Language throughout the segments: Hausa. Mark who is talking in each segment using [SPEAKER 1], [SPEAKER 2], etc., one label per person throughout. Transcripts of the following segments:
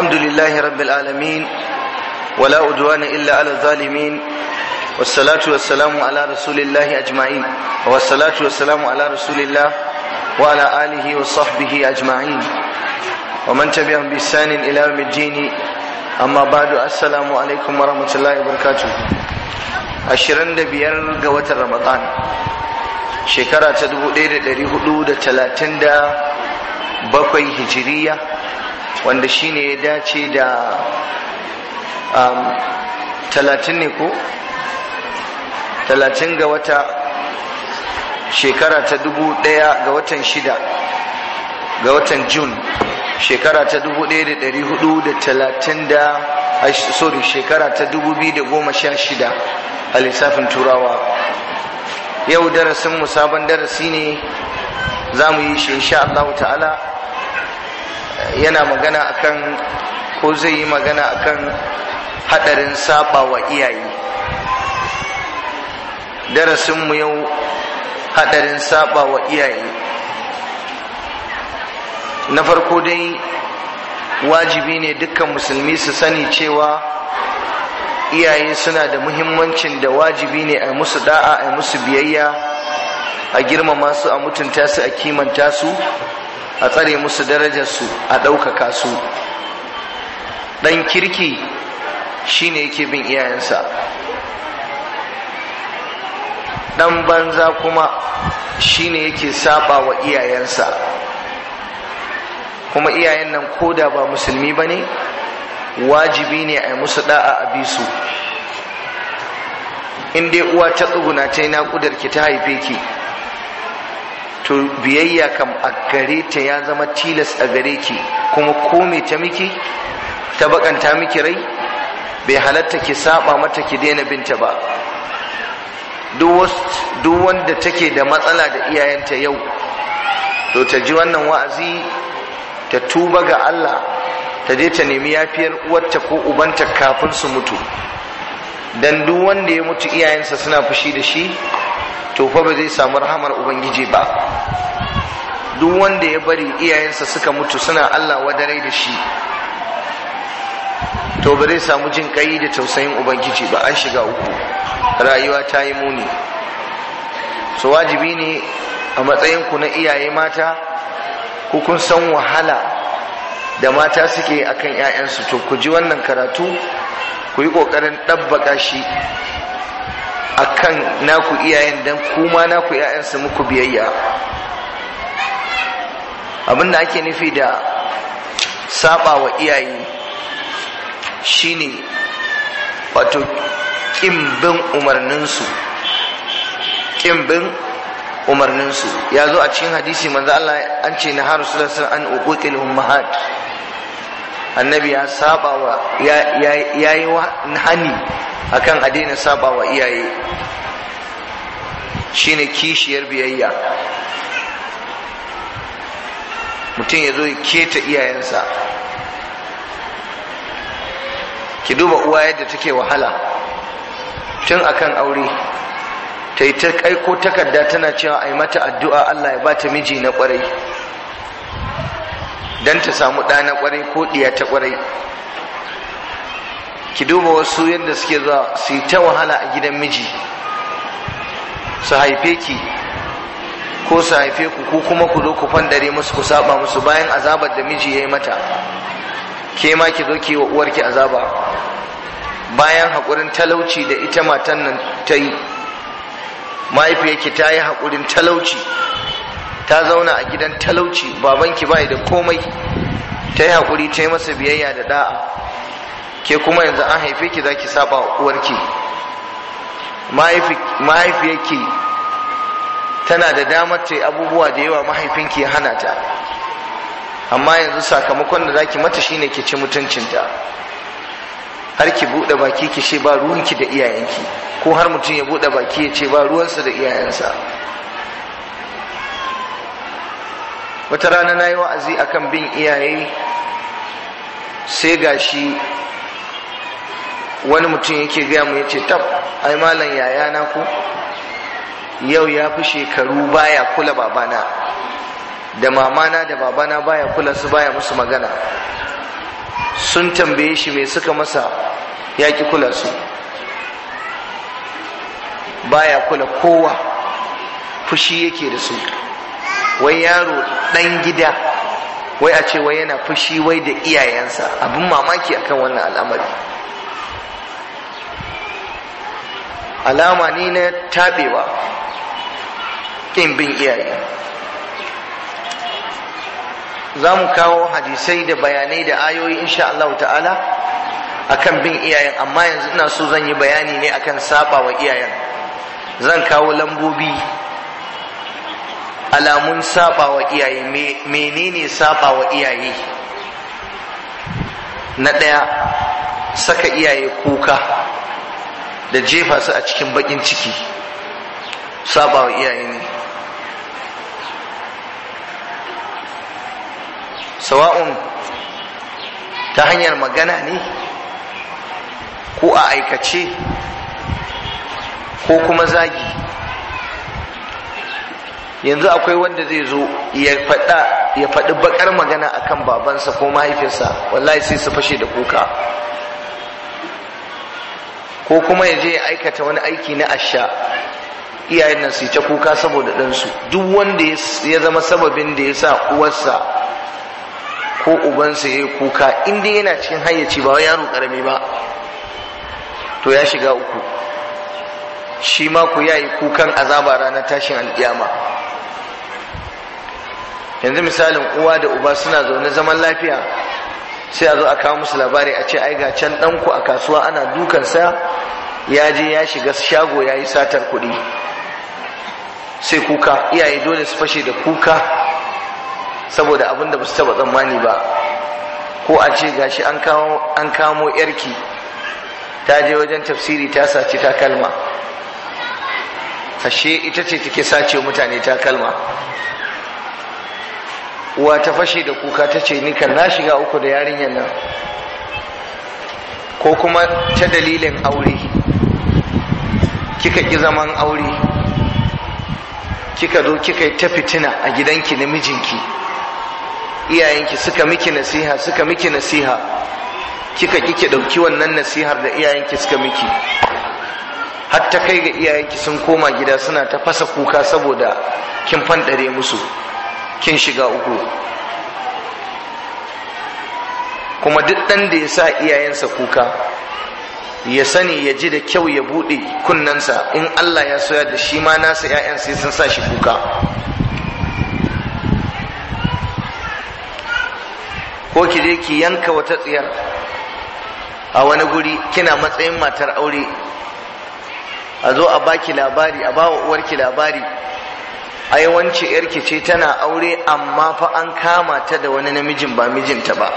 [SPEAKER 1] الحمد لله رب العالمين ولا أدوان إلا على الظالمين والصلاة والسلام على رسول الله أجمعين والصلاة والسلام على رسول الله وعلى آله وصحبه أجمعين ومن تبعهم بإحسان إلى يوم الدين أما بعد السلام عليكم ورحمة الله وبركاته ashirin da biyar ga watan ramadan shekara ta dubu ɗaya da ɗari hudu da talatin da bakwai hijiriya wanda shi ne ya dace da um, talatin ne ko talatin ga wata shekara ta dubu daya ga watan shida ga watan Jun shekara ta dubu daya da dari hudu da talatin da sorry shekara ta dubu biyu da goma sha shida a lissafin turawa yau darasin mu sabon darasi ne za mu yi shi insha Allah ta'ala yana magana akan ko zai yi magana akan hadarin saba wa iyaye darasinmu yau hadarin saba wa iyaye na farko dai wajibi ne dukkan musulmi su sani cewa iyaye suna da muhimmancin da wajibi ne a musu da'a a musu biyayya a girmama su a mutunta su a kimanta su a tsare musu darajarsu a ɗaukaka su ɗan kirki shi ne yake bin iyayensa ɗan banza kuma shi ne yake saba wa iyayensa kuma iyayen nan ko da ba musulmi ba ne wajibi ne a yi musu ɗa'a a bi in dai uwa ta tsuguna ta yi naƙudar ki ta haife ki to biyayya kam a gare ta ya zama tilas a gare ki kuma kome ta miki ta bakanta miki rai bai halatta ki saba mata ki daina binta ba duk wanda take da matsala da iyayenta yau to ta ji wannan wa'azi ta tuba ga Allah ta je ta nemi yafiyar uwarta ko ubanta kafin su mutu dan duk wanda ya mutu iyayensa suna fushi da shi to fa ba zai samu rahamar ubangiji ba duk wanda ya bari iyayensa suka mutu suna Allah wadare da shi to ba zai samu jin kai da tausayin ubangiji ba an shiga uku rayuwa ta yi muni so wajibi ne a matsayinku na iyaye mata ku kun san wahala da mata suke akan 'ya'yansu to ku ji wannan karatu ku yi ƙoƙarin ɗabbaka shi akan naku iyayen dan kuma naku iyayen su muku biyayya abinda ake nufi da saba wa iyaye shine wato kimbin umarninsu kimbin umarninsu ya zo a cikin hadisi manzo Allah an ce na haru sallallahu an uqutil ummahat annabi ya saba wa ya yi hani akan addinin saba wa iyaye shine kishiyar biyayya mutum ya zo ya keta iyayensa ki duba uwa yadda take wahala tun akan aure ta yi ta kaiko takarda tana cewa a yi mata addu'a Allah ya ba ta miji na kwarai don ta samu ɗa na kwarai ko ɗiya ta kwarai ki duba wasu yadda suke zuwa su yi ta wahala a gidan miji su haife ki ko su haife ku ko kuma ku zo ku fandare musu ku saba musu bayan azabar da miji ya yi mata ke ma ki zo ki wa uwarki azaba bayan haƙurin talauci da ita matan nan ta yi mahaifiyarki ta yi haƙurin talauci ta zauna a gidan talauci babanki bai da komai ta yi haƙuri ta yi masa biyayya da da'a ke kuma yanzu an haife ki zaki saba uwarki mahaifiyarki tana da damar ta abubuwa da yawa mahaifinki ya hana ta amma yanzu sakamakon da zaki mata shine ki ci mutuncinta har ki buɗe baki ki ce ba ruwanki da iyayenki ko har mutum ya buɗe baki ya ce ba ruwansa da iyayensa wata rana na yi wa'azi akan bin iyaye sai gashi wani mutum yake gaya mu yace tab ai malam yaya na ku yau ya fi shekaru baya kula babana da mamana da babana baya kula su baya musu magana sun tambaye shi me suka masa ya ki kula su baya kula kowa fushi yake da su wai yaro ɗan gida wai a ce wai yana fushi wai da iyayensa abin mamaki akan wannan al'amari alama ne na taɓewa ƙin bin iyaye za mu kawo hadisai da bayanai da ayoyi insha Allah ta'ala akan bin iyayen amma yanzu ina so zan yi bayani ne akan saba wa iyayen zan kawo lambobi alamun saba wa iyaye menene saba wa iyaye na ɗaya saka iyaye kuka da jefa su a cikin bakin ciki saba wa iyaye ne sawa'un ta hanyar magana ne ko a aikace ko kuma zagi yanzu akwai wanda zai zo ya faɗi bakar magana akan babansa ko mahaifinsa wallahi sai su fashe da kuka ko kuma ya je ya aikata wani aiki na asha iyayen nan su ta kuka saboda ɗansu duk wanda ya zama sababin da ya sa uwarsa ko ubansa ya yi kuka inda yana cikin hayyaci ba yaro ƙarami ba to ya shiga uku shi ma ku yayi kukan azaba ranar tashin alƙiyama yanzu misalin uwa da uba suna zaune zaman lafiya sai a zo a kawo musu labari a ce ai ga can ɗanku a kasuwa ana dukansa ya je ya shiga shago ya yi satar kuɗi sai kuka iyaye dole su fashe da kuka saboda abin da ba su taba tsammani ba ko a ce gashi an kamo yarki ta je wajen tafsiri ta saci kalma ashe ita ce take sace mutane takalma uwa ta fashe da kuka ta ce ni kan na shiga uku da yarinyar nan ko kuma ta dalilin aure kika ki zaman aure kika zo kika ta fitina a gidanki na mijinki iyayenki suka miki nasiha suka miki nasiha kika kike ɗauki wannan nasihar da iyayenki suka miki har kai ga iyayenki sun koma gida suna ta fasa kuka saboda kin fanɗare musu kin shiga uku kuma duk ɗan da ya sa iyayensa kuka ya sani ya ji da kyau ya buɗe kunnensa in Allah ya soya da shi ma nasa 'ya'yan sai sun sa shi kuka ko ki je ki yanka wata tsiyar a wani guri kina matsayin matar aure a zo a baki labari a bawa uwarki labari ai wance yarki ce tana aure amma fa an kama ta da wani namijin ba mijinta ba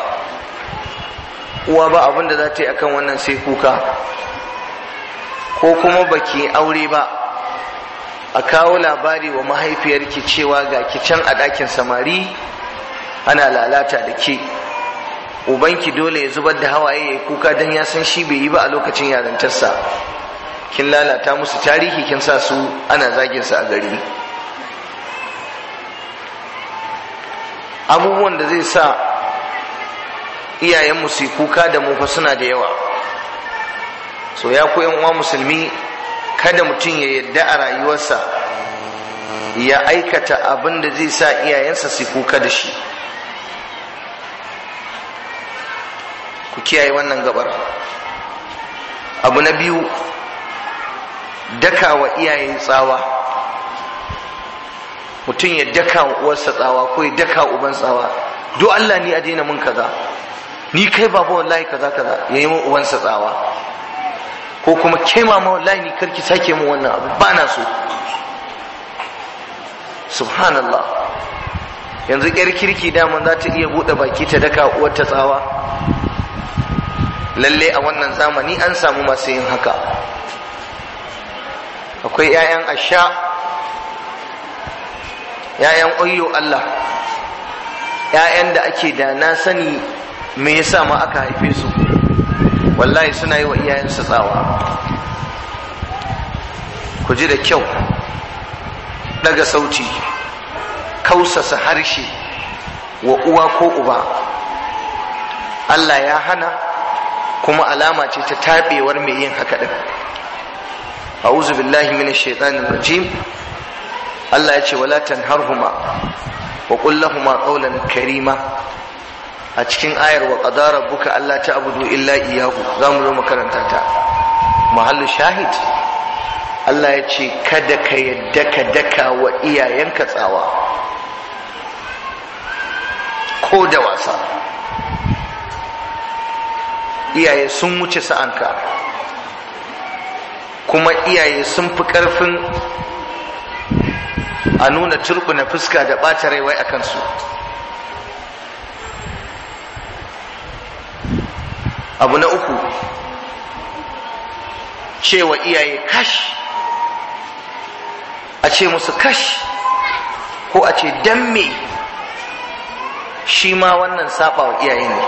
[SPEAKER 1] uwa ba abin da za ta yi akan wannan sai kuka ko kuma baki aure ba a kawo labari wa mahaifiyarki cewa ga ki can a ɗakin samari ana lalata da ke ubanki dole ya zubar da hawaye ya kuka don ya san shi bai yi ba a lokacin yarantarsa kin lalata musu tarihi kin sa su ana zagin sa a gari abubuwan da zai sa iyayenmu su kuka da mu suna da yawa so ya ku uwa musulmi kada mutum ya yadda a rayuwarsa ya aikata abin da zai sa iyayensa su kuka da shi ku kiyaye wannan gabar abu na biyu daka wa iyayen tsawa mutum ya daka uwarsa tsawa ko ya daka uban tsawa do Allah ni a daina mun kaza ni kai babu wallahi kaza kaza ya yi uwansa tsawa ko kuma ke ma wallahi ni karki sake mu wannan abu ba na so subhanallah yanzu yar kirki daman za ta iya buɗe baki ta daka uwarta tsawa lalle a wannan zamani an samu masu yin haka akwai 'ya'yan asha 'ya'yan oyo Allah ‘ya'yan da ake da na sani me yasa ma aka haife su wallahi suna yi wa iyayensu tsawa ku ji da kyau daga sauti kausasa harshe wa uwa ko uba Allah ya hana kuma alama ce ta taɓewar mai yin haka ɗin a'udhu billahi minash shaitanir rajim Allah ya ce wala tanharhuma wa qul lahumu qawlan karima a cikin ayar wa qadara rabbuka alla ta'budu illa iyyahu zamu zo makaranta ta mahallu shahid Allah ya ce kada ka yadda ka daka wa iyayenka tsawa ko da wasa iyaye sun wuce sa'anka kuma iyaye sun fi ƙarfin a nuna na fuska da ɓata rai wai a kansu abu na uku cewa iyaye kash a ce musu kash ko a ce damme, shi ma wannan saba wa iyaye ne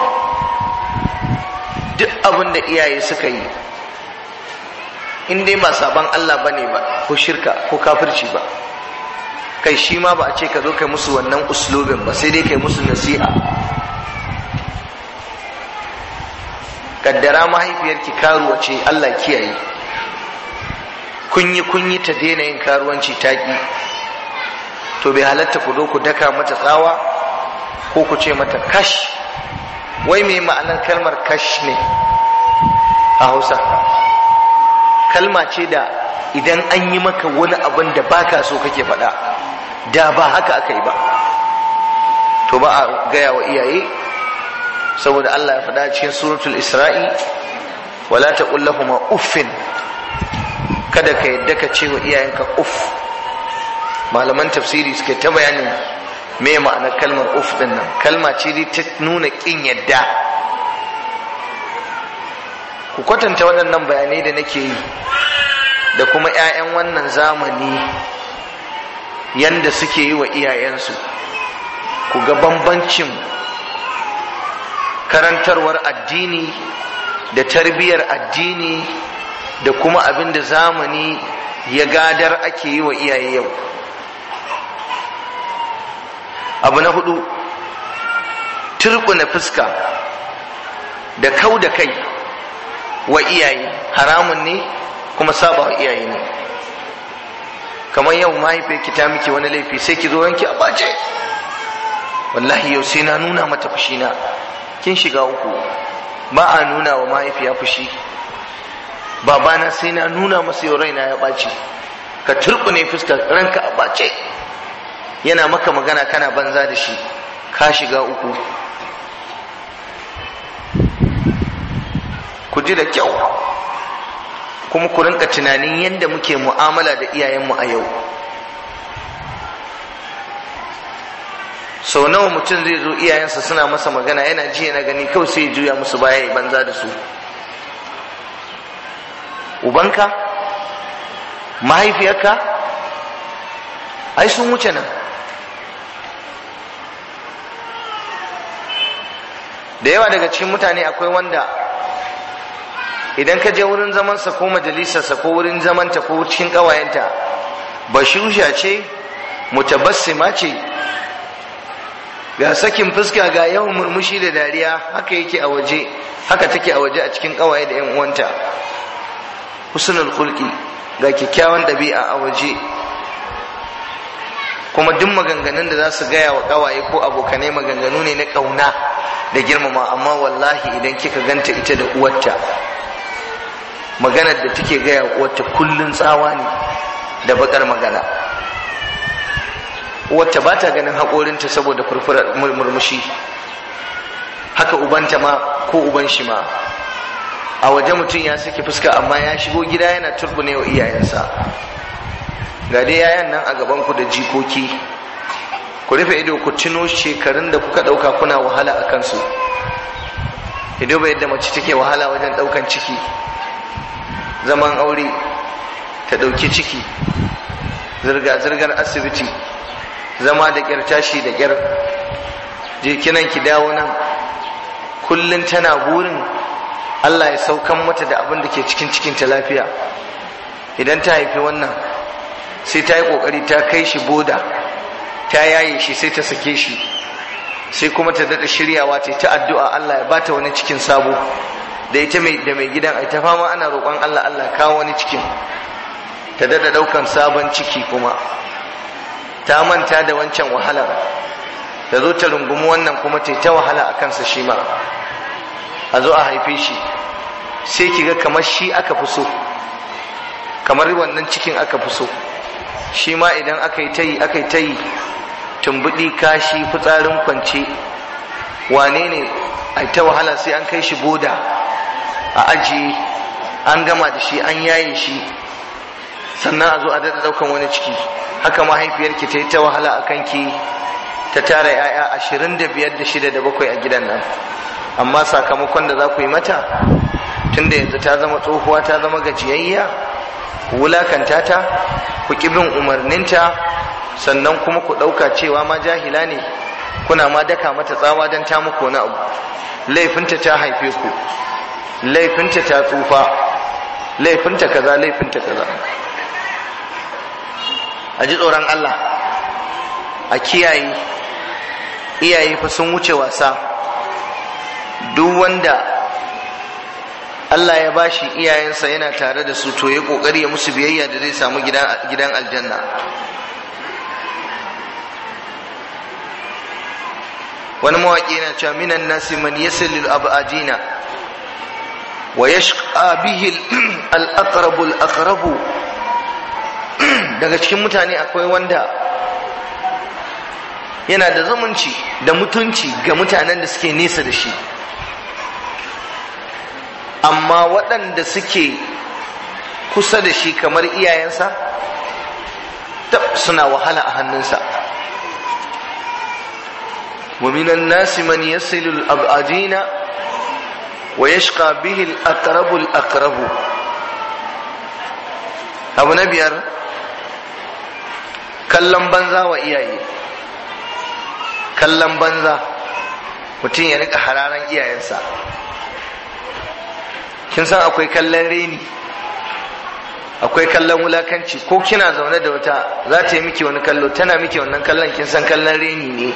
[SPEAKER 1] duk abin da iyaye suka yi in dai ba saban Allah ba ne ba ko shirka ko kafirci ba kai shi ma ba a ce ka zo kai musu wannan uslubin ba sai dai kai musu nasiha kaddara mahaifiyarki karuwa ce Allah kiyaye kunyi kunyi ta daina yin karuwanci taƙi to bai halatta ku zo ku daka mata tsawa ko ku ce mata kash wai mai ma'anar kalmar kash ne a hausa kalma ce da idan an yi maka wani abin da baka so kake faɗa da ba haka aka yi ba to ba a gaya wa iyaye saboda Allah ya faɗa cikin suratul isra'i wala taqul lahum uffin kada ka yadda ka ce wa iyayenka uff malaman tafsiri suke ta bayanin me ma'anar kalmar uff din nan kalma ce dai ta nuna kin yadda ku kwatanta waɗannan bayanai da nake yi da kuma 'ya'yan wannan zamani yanda suke yi wa iyayensu ku ga bambancin karantarwar addini da tarbiyyar addini da kuma abin da zamani ya gadar ake yi wa iyaye yau abu na hudu na fuska da kau da kai wa iyaye haramun ne kuma saba wa iyaye ne kamar yau mahaifiyar ki ta miki wani laifi sai ki zo yanki a bace wallahi yau sai na nuna mata fushi na kin shiga uku ba a nuna wa mahaifiya fushi babana sai na nuna masa yau raina ya ɓaci ka ne fuskar ranka a bace yana maka magana kana banza da shi ka shiga uku ku ji da kyau kuma ku rinka tunanin yadda muke mu'amala da iyayenmu a yau sau nawa mutum zai zo iyayensa suna masa magana yana ji na gani kawai sai juya musu baya ya banza da su ubanka mahaifiyarka ai sun wuce nan da yawa daga cikin mutane akwai wanda idan ka je wurin zamansa ko majalisarsa ko wurin zamanta ko cikin ƙawayenta shusha ce mutabassima ce ga sakin fuska ga yawan murmushi da dariya haka yake a waje haka take a waje a cikin ƙawaye da 'yan uwanta husnul khulqi ga kyakkyawan ɗabi'a a waje kuma duk maganganun da za su gaya wa kawaye ko abokanai maganganu ne na ƙauna da girmama amma wallahi idan kika ganta ita da uwarta maganar da take gaya wata kullun tsawa ne da bakar magana wata ba ta ganin haƙorinta saboda furfurar murmushi haka ubanta ma ko uban shi ma a waje mutum ya saki fuska amma ya shigo gida yana turbune wa iyayensa ga dai yayan nan a gaban ku da jikoki ku rufe ido ku tuno shekarun da kuka ɗauka kuna wahala a kansu ido bai yadda mace take wahala wajen ɗaukan ciki zaman aure ta ɗauki ciki zirga-zirgar asibiti zama da ƙyar tashi da ƙyar jikinan ki dawo nan kullum tana burin allah ya saukan mata da abin da ke cikin cikinta lafiya idan ta haifi wannan sai ta yi ƙoƙari ta kai shi boda ta yaye shi sai ta sake shi sai kuma ta daɗa shiryawa ta ta addu'a allah ya bata wani cikin sabo da ita mai da mai gidan ai ta fama ana roƙon Allah Allah kawo wani cikin ta dada daukan sabon ciki kuma ta manta da wancan wahalar ta zo ta rungumi wannan kuma ta ta wahala a kansa shi ma a zo a haife shi sai kiga kamar shi aka fi so kamar wannan cikin aka fi so shi ma idan aka yi ta yi aka yi ta yi tumbuɗi kashi fitsarin kwance wane ne a ta wahala sai an kai shi boda a aji an gama da shi an yaye shi sannan a zo a daɗa ɗaukan wani ciki haka mahaifiyarki ta yi ta wahala a kanki ta tara 'ya'ya ashirin da biyar da shida da bakwai a gidan nan amma sakamakon da za ku yi mata tunda yanzu ta zama tsohuwa ta zama gajiyayya ku wulakanta ta ku bin umarninta sannan kuma ku ɗauka cewa ma jahila ne kuna ma daka mata tsawa don ta muku wani abu laifinta ta haife ku laifinta ta tsufa laifinta kaza laifinta kaza a ji tsoron Allah a kiyaye iyaye fa sun wuce wasa duk wanda Allah ya bashi iyayensa yana tare da su to ya kokari ya musu biyayya da zai samu gidan aljanna wani mawaƙi yana cewa minan nasi man yasilil abajina ويشقى به الاقرب الاقرب daga cikin mutane akwai wanda yana da zumunci da mutunci ga mutanen da suke nesa da shi amma waɗanda suke kusa da shi kamar iyayensa suna wahala a hannunsa ومن الناس من يصل الأبعدين ويشقى به bihi al-aqrabu نبيار aqrabu abu na biyar kallon banza wa iyaye kallon banza mutum ya rika hararan iyayensa kin san akwai kallon reni akwai kallon wulakanci ko kina zaune da wata za ta yi miki wani kallo tana miki wannan kallon kin san kallon reni ne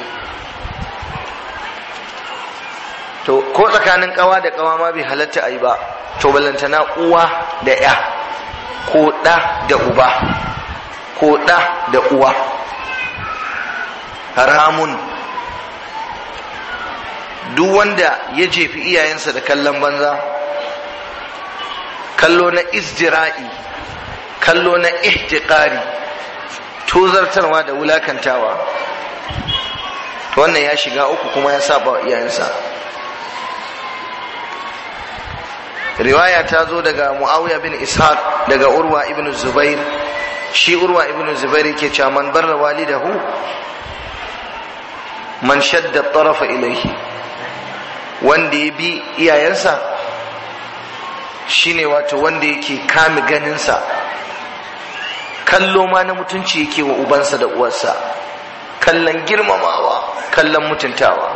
[SPEAKER 1] to ko tsakanin kawa da kawa ma bai halatta a yi ba to ballantana uwa da ya ko ɗa da uba ko ɗa da uwa haramun duk wanda ya jefi iyayensa da kallon banza kallo na izdira'i kallo na ihtiqari tozartarwa da wulakantawa wannan ya shiga uku kuma ya saba iyayensa riwaya ta zo daga muawiya bin ishaq daga urwa ibn zubair shi urwa ibn zubair ke cewa man barra walidahu man shadda tarafa ilaihi wanda ya bi iyayensa shine wato wanda yake kame ganinsa kallo ma na mutunci yake wa ubansa da uwarsa kallon girmamawa kallon mutuntawa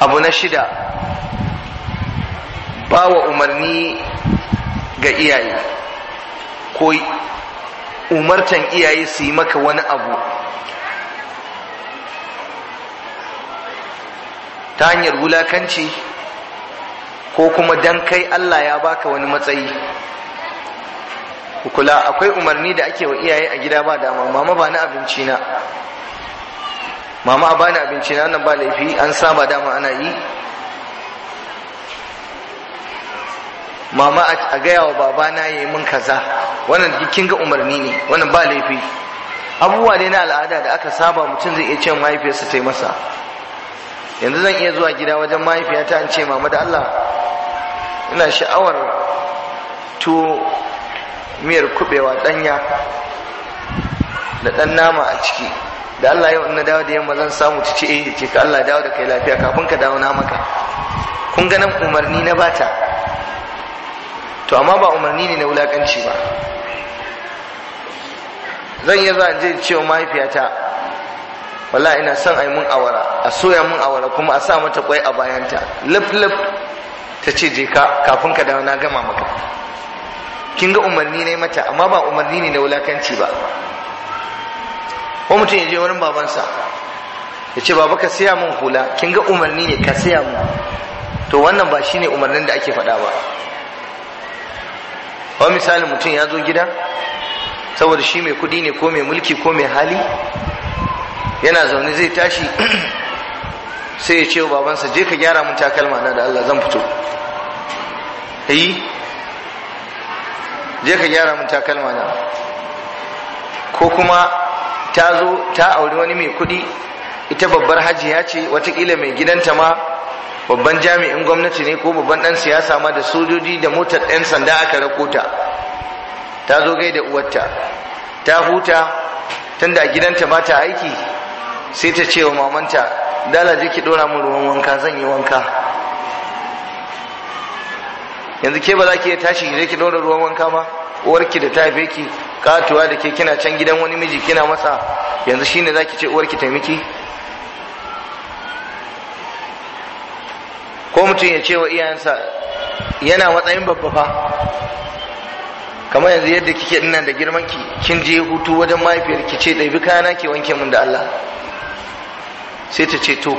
[SPEAKER 1] abu na shida ba wa umarni ga iyaye ko umartan iyaye su yi maka wani abu ta hanyar wulakanci ko kuma dan kai Allah ya baka wani matsayi kula akwai umarni da ake wa iyaye a gida ba dama mama ba na abinci na mama a bani abinci na nan ba laifi an saba dama ana yi mama a gaya wa babana ya yi min kaza wannan kin ga umarni ne wannan ba laifi abubuwa dai na al'ada da aka saba mutum zai iya ce mahaifiyarsa ta yi masa yanzu zan iya zuwa gida wajen mahaifiyata an ce mama da Allah ina sha'awar tuwo miyar kubewa ɗanya da ɗan nama a ciki da Allah yau in na dawo da yamma zan samu ci eh da ce ka Allah dawo da kai lafiya kafin ka dawo na maka kun ga nan umarni na bata to amma ba umarni ne na wulakanci ba zan yi zan je cewa mahaifiyata wala ina son a yi mun awara a soya mun awara kuma a sa mata kwai a bayanta lif lif ta ce je ka kafin ka dawo na gama maka kin ga umarni ne mata amma ba umarni ne na wulakanci ba ko mutum ya je wurin babansa ya ce baba ka siya mun hula kin ga umarni ne ka siya min to wannan ba shine umarnin da ake faɗa ba wa misali mutum ya zo gida saboda shi mai kuɗi ne ko mai mulki ko mai hali
[SPEAKER 2] yana zaune zai
[SPEAKER 1] tashi sai ya ce wa babansa je ka gyara mun takalma na da Allah zan fito yi je ka gyara mun takalma na ko kuma ta zo ta auri wani mai kuɗi ita babbar hajiya ce watakila mai gidanta ma babban jami'in gwamnati ne ko babban ɗan siyasa ma da sojoji da motar ɗan sanda aka rakota ta zo gai da uwarta ta huta tunda a gidanta ba ta aiki sai ta ce wa mamanta dala je ki ɗora min ruwan wanka zan yi wanka yanzu ke ba za ki iya tashi ki je ki ɗora ruwan wanka ma uwarki da ta haife ki katuwa da ke kina can gidan wani miji kina masa yanzu shi ne za ki ce uwarki taimiki ko mutum ya ce wa iyayensa yana matsayin babba fa kamar yanzu yadda kike ina da girman ki kin je hutu wajen mahaifiyar ki ce ɗabi kayana ke wanke mun da Allah sai ta ce to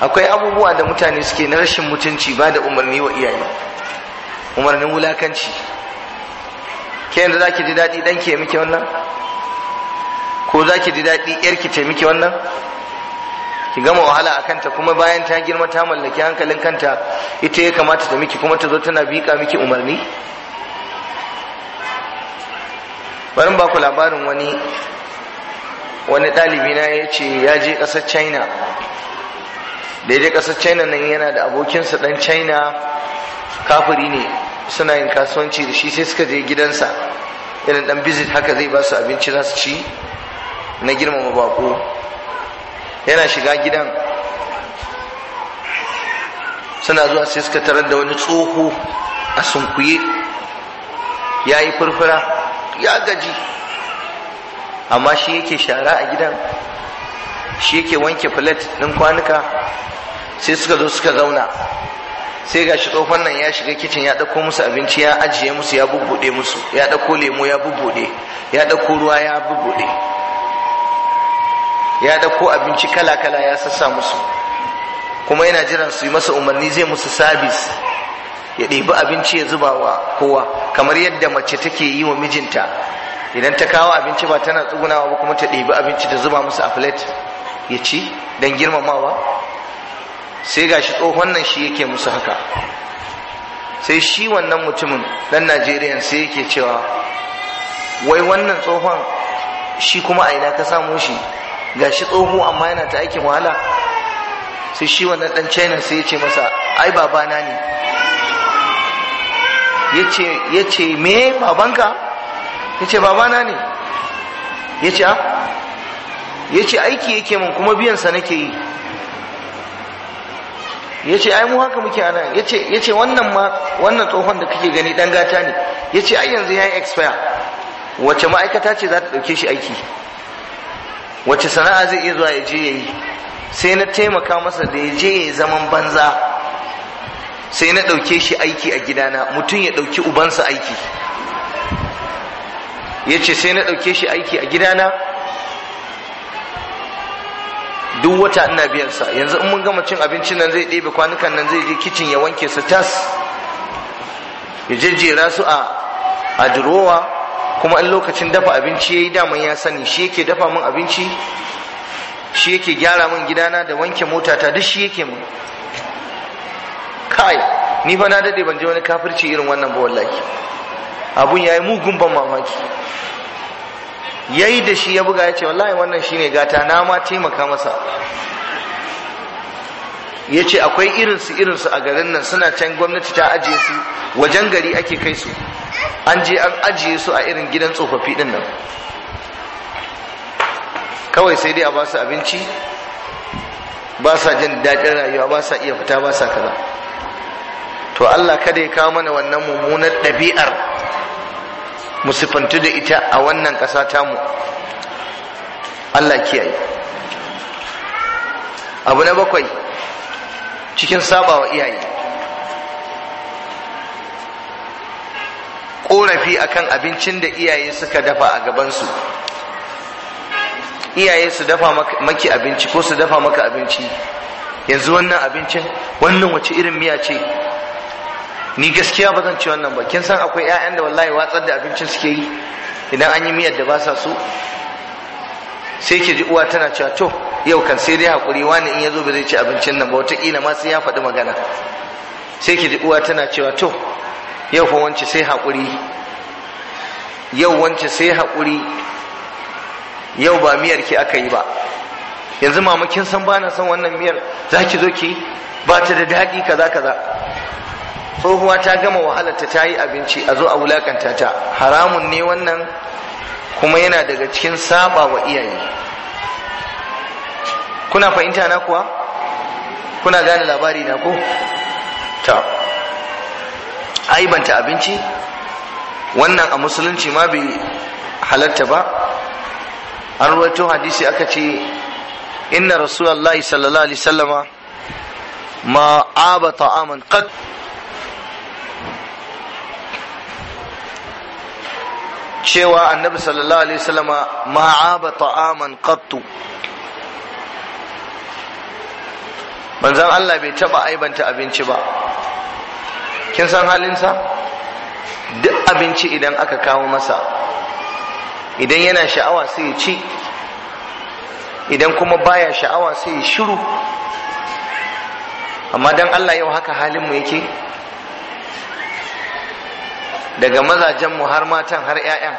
[SPEAKER 1] akwai abubuwa da mutane suke na rashin mutunci ba da umarni wa iyaye umarnin wulakanci ke yanzu za ki ji daɗi ɗan ke miki wannan ko za ki ji daɗi ƴar ki miki wannan ki gama wahala a kanta kuma bayan ta girma ta mallaki hankalin kanta ita ya kamata ta miki kuma ta zo tana biƙa miki umarni bari ba ku labarin wani wani ɗalibi ya ce ya je ƙasar china daidai ƙasar china nan yana da abokinsa ɗan china kafiri ne suna yin kasuwanci da shi sai suka je gidansa irin dan visit haka zai ba su abinci za su ci na girmama bako yana shiga gidan suna zuwa sai suka tarar da wani tsoho a sunkuye ya yi furfura ya gaji amma shi yake shara a gidan shi yake wanke filet ɗin kwanuka sai suka zo suka zauna sai ga shi tsofan nan ya shiga kicin ya ɗauko musu abinci ya ajiye musu ya bubbuɗe musu ya ɗauko lemo ya bubbuɗe ya ɗauko ruwa ya bubbuɗe ya ɗauko abinci kala-kala ya sassa musu kuma yana jiran su yi masa umarni zai musu sabis ya ɗebi abinci ya zuba wa kowa kamar yadda mace take yi wa mijinta idan ta kawo abinci ba tana tsugunawa ba kuma ta ɗebi abinci ta zuba musu a plate ya ci don girmamawa sai ga shi tsohon nan shi yake musu haka sai shi wannan mutumin dan najeriya sai yake cewa wai wannan tsohon shi kuma a ina ka samu shi ga shi tsoho amma yana ta aikin wahala sai shi wannan dan china sai ya ce masa ai babana ne ya ce me babanka ya ce babana ne ya ce ah. aiki yake min kuma biyansa nake yi yace ai mu haka muke ana yace yace wannan ma wannan tsohon da kake gani dan gata ne yace ai yanzu yayi expire wace ma'aikata ce za ta dauke shi aiki wace sana'a zai iya zuwa ya je yayi sai na taimaka masa da ya je yayi zaman banza sai na dauke shi aiki a gidana mutum ya ɗauki ubansa aiki yace sai na ɗauke shi aiki a gidana duk wata ina biyan sa yanzu in mun gama cin abincin nan zai ɗebe kwanukan nan zai je kicin ya wanke su tas ya jejjera su a a durowa kuma in lokacin dafa abinci ya yi daman ya sani shi yake dafa min abinci shi yake gyara min gidana da wanke motata duk shi yake min kai ni fa na dade ban je wani kafirci irin wannan ba wallahi abun yayi mugun ban mamaki yayi da shi ya buga ya ce wallahi wannan shine gata na ma taimaka masa ya ce akwai irinsu irinsu a garin nan suna can gwamnati ta ajiye su wajen gari ake kai su an je an ajiye su a irin gidan tsofaffi din nan kawai sai dai a ba abinci ba sa jin daɗin rayuwa ba sa iya fita ba sa kaza to Allah kada ya kawo mana wannan mummunar ɗabi'ar musifantu da ita a wannan ƙasa tamu Allah kiyaye abu na bakwai cikin sabawa iyaye ƙorafi akan abincin da iyaye suka dafa a gabansu iyaye su dafa maki abinci ko su dafa maka abinci yanzu wannan abincin wannan wace irin miya ce ni gaskiya ba zan ci wannan ba kin san akwai ƴaƴan da wallahi watsar da abincin suke yi idan an yi miyar da ba sa so sai ke ji uwa tana cewa to yau kan sai dai hakuri wani in ya zo ba zai ci abincin nan ba wataƙila ma sai ya faɗi magana sai ke ji uwa tana cewa to yau fa wance sai hakuri yau wance sai hakuri yau ba miyar ki aka yi ba yanzu mama kin san ba na san wannan miyar za ki zo ki ba ta da daɗi kaza kaza tsohuwa ta gama wahalarta ta yi abinci a zo a wulakanta ta haramun ne wannan kuma yana daga cikin saba wa iyaye kuna fahimta na kuwa kuna gane labari na ko ta aibanta abinci wannan a musulunci ma bai halatta ba an ruwaito hadisi aka ce inna rasulallah sallallahu alaihi sallama ma aba ta'aman qat cewa annabi sallallahu alaihi wasallama ma'aba ta'aman qattu manzon Allah bai taba aibanta abinci ba kin san halinsa duk abinci idan aka kawo masa idan yana sha'awa sai ya ci idan kuma baya sha'awa sai ya shiru amma dan Allah yau haka halin halinmu yake daga mazajenmu har matan har 'ya'yan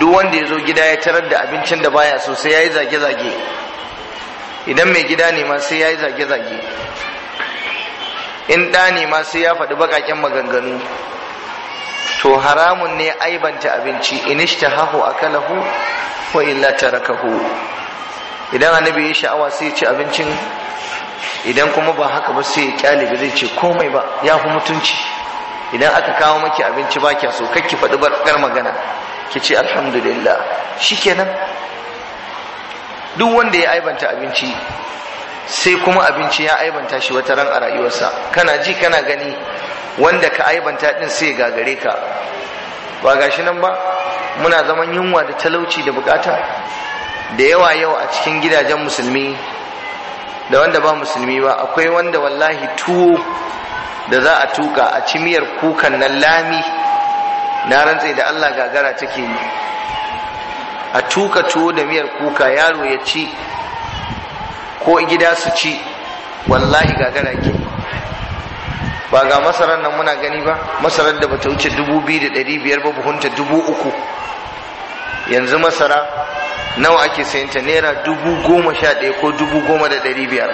[SPEAKER 1] duk wanda ya zo gida ya tarar da abincin da baya so sai ya yi zage-zage idan mai gida ne ma sai ya yi zage-zage in ɗa ne ma sai ya faɗi baƙaƙen maganganu to haramun ne aibanta abinci inishta hahu akalahu wa illa tarakahu idan annabi ya sha'awa sai ya ci abincin idan kuma ba haka ba sai ya kyale ba zai ce komai ba ya fi mutunci idan aka kawo maki abinci ba kya so ki faɗi barkar magana ki ce alhamdulillah shikenan duk wanda ya aibanta abinci sai kuma abinci ya aibanta shi wata ran a rayuwarsa kana ji kana gani wanda ka aibanta din sai gagare ka ba gashi nan ba muna zaman yunwa da talauci da bukata da yawa yau a cikin gidajen musulmi da wanda ba musulmi ba akwai wanda wallahi tuwo da za a tuka a cimiyar kukan nan lami na rantse da Allah gagara take yi a tuka tuwo da miyar kuka yaro ya ci ko gida su ci wallahi gagara ke ba ga masarar nan muna gani ba masarar da bata wuce dubu biyu da dari biyar ba buhunta dubu uku yanzu masara nawa ake sayanta naira dubu goma sha ɗaya ko dubu goma da dari biyar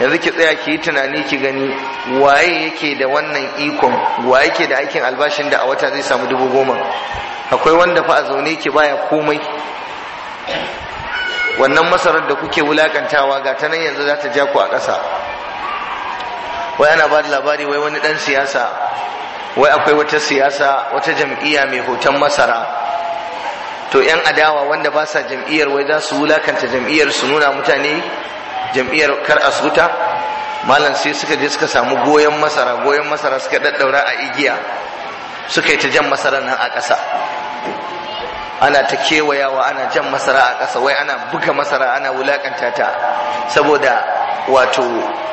[SPEAKER 1] yanzu ki tsaya ki yi tunani ki gani waye yake da wannan ikon waye yake da aikin albashin da a wata zai samu dubu goma akwai wanda fa a zaune ki baya komai wannan masarar da kuke wulakantawa ga ta nan yanzu za ta ja ku a ƙasa wai ana ba da labari wai wani ɗan siyasa wai akwai wata siyasa wata jam'iyya mai hoton masara to 'yan adawa wanda ba sa jam'iyyar wai za su wulakanta jam'iyyar su nuna mutane jam'iyyar kar asuta malam sai suka je suka samu goyon masara goyon masara suka daddaura a igiya suka yi ta jan masara nan a ƙasa ana ta kewayawa ana jan masara a ƙasa wai ana buga masara ana wulakanta ta saboda wato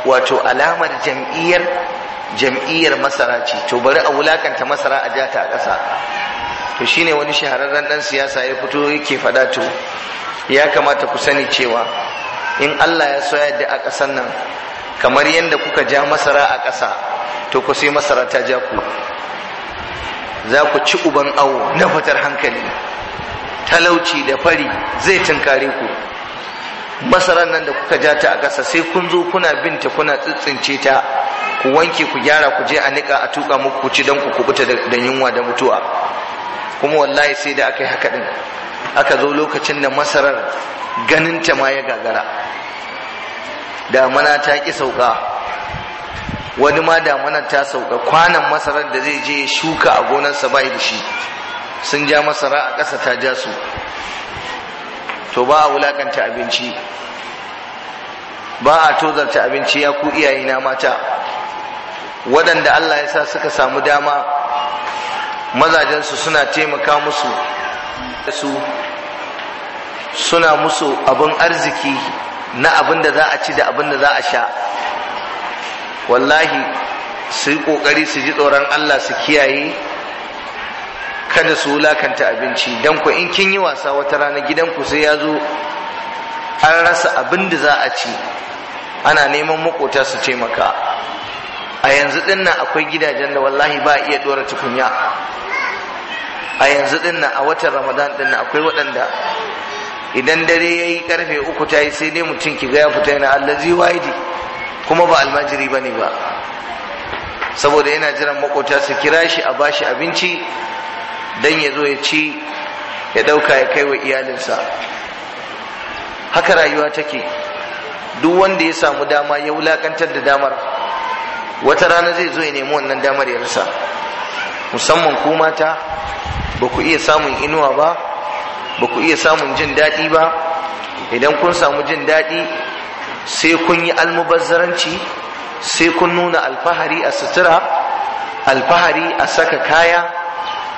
[SPEAKER 1] wato alamar jam'iyyar jam'iyyar masara ce to bari a wulakanta masara a ja ta a ƙasa to shine wani shahararren dan siyasa ya fito yake faɗa to ya kamata ku sani cewa in Allah ya so yadda a ƙasar nan kamar yadda kuka ja masara a ƙasa to ku sai masara ta ja ku za ku ci uban awo na fitar hankali talauci da fari zai tunkare ku masarar nan da kuka ja ta a ƙasa sai kun zo kuna binta kuna tsintsince ta ku wanke ku gyara ku je a niƙa a tuka muku ci don ku kubuta da yunwa da mutuwa kuma wallahi sai da aka yi haka ɗin aka zo lokacin da masarar ganin ta ma ya gagara damana ta ki sauka wani ma damana ta sauka kwanan masarar da zai je shuka a gonarsa ba da shi sun ja masara a ƙasa ta ja su to ba a wulakanta abinci ba a tozarta abinci ya ku iyayena mata waɗanda Allah ya sa suka samu dama mazajensu suna taimaka musu da su suna musu abin arziki na abin da za a ci da abin da za a sha wallahi su yi ƙoƙari su ji tsoron Allah su kiyaye kada su wulakanta abinci don ku in kin yi wasa wata rana gidanku sai ya zo an rasa abin da za a ci ana neman makota su taimaka a yanzu din nan akwai gidajen da wallahi ba a iya dora tukunya a yanzu din nan a watan ramadan din nan akwai waɗanda idan dare ya yi karfe uku ta yi sai dai mutum ki ga ya fita yana allazi waidi kuma ba almajiri ba ne ba saboda yana jiran makota su kira shi a bashi abinci don ya zo ya ci ya ɗauka ya kai wa iyalinsa haka rayuwa take duk wanda ya samu dama ya wulakantar da damar wata rana zai zo ya nemi wannan damar ya rasa musamman ku mata ba ku iya samun inuwa ba ba ku iya samun jin daɗi ba idan kun samu jin daɗi sai kun yi almubazzaranci sai kun nuna alfahari a sutura alfahari a saka kaya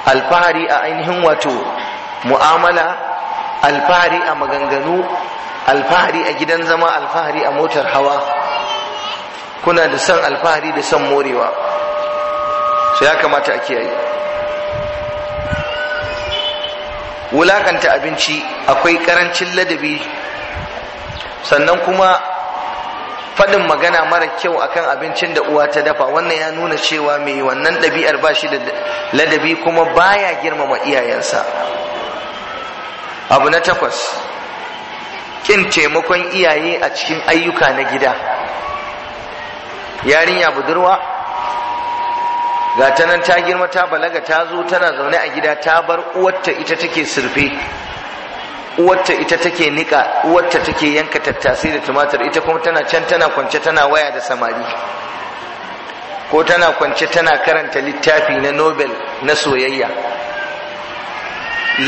[SPEAKER 1] alfahari a ainihin wato mu'amala alfahari a maganganu alfahari a gidan zama alfahari a motar hawa kuna da son alfahari da son morewa sai ya kamata a kiyaye wulakanta abinci akwai karancin ladabi sannan kuma faɗin magana mara kyau akan abincin da uwa ta dafa wannan ya nuna cewa mai wannan ɗabi'ar ba shi da ladabi kuma baya girmama iyayensa abu na takwas ƙin taimakon iyaye a cikin ayyuka na gida yarinya budurwa ga ta nan ta girma ta balaga ta zo tana zaune a gida ta bar uwarta ita take surfe uwarta ita take niƙa uwarta take yanka tattasai da tumatir ita kuma tana can tana kwance tana waya da samari ko tana kwance tana karanta littafi na nobel na soyayya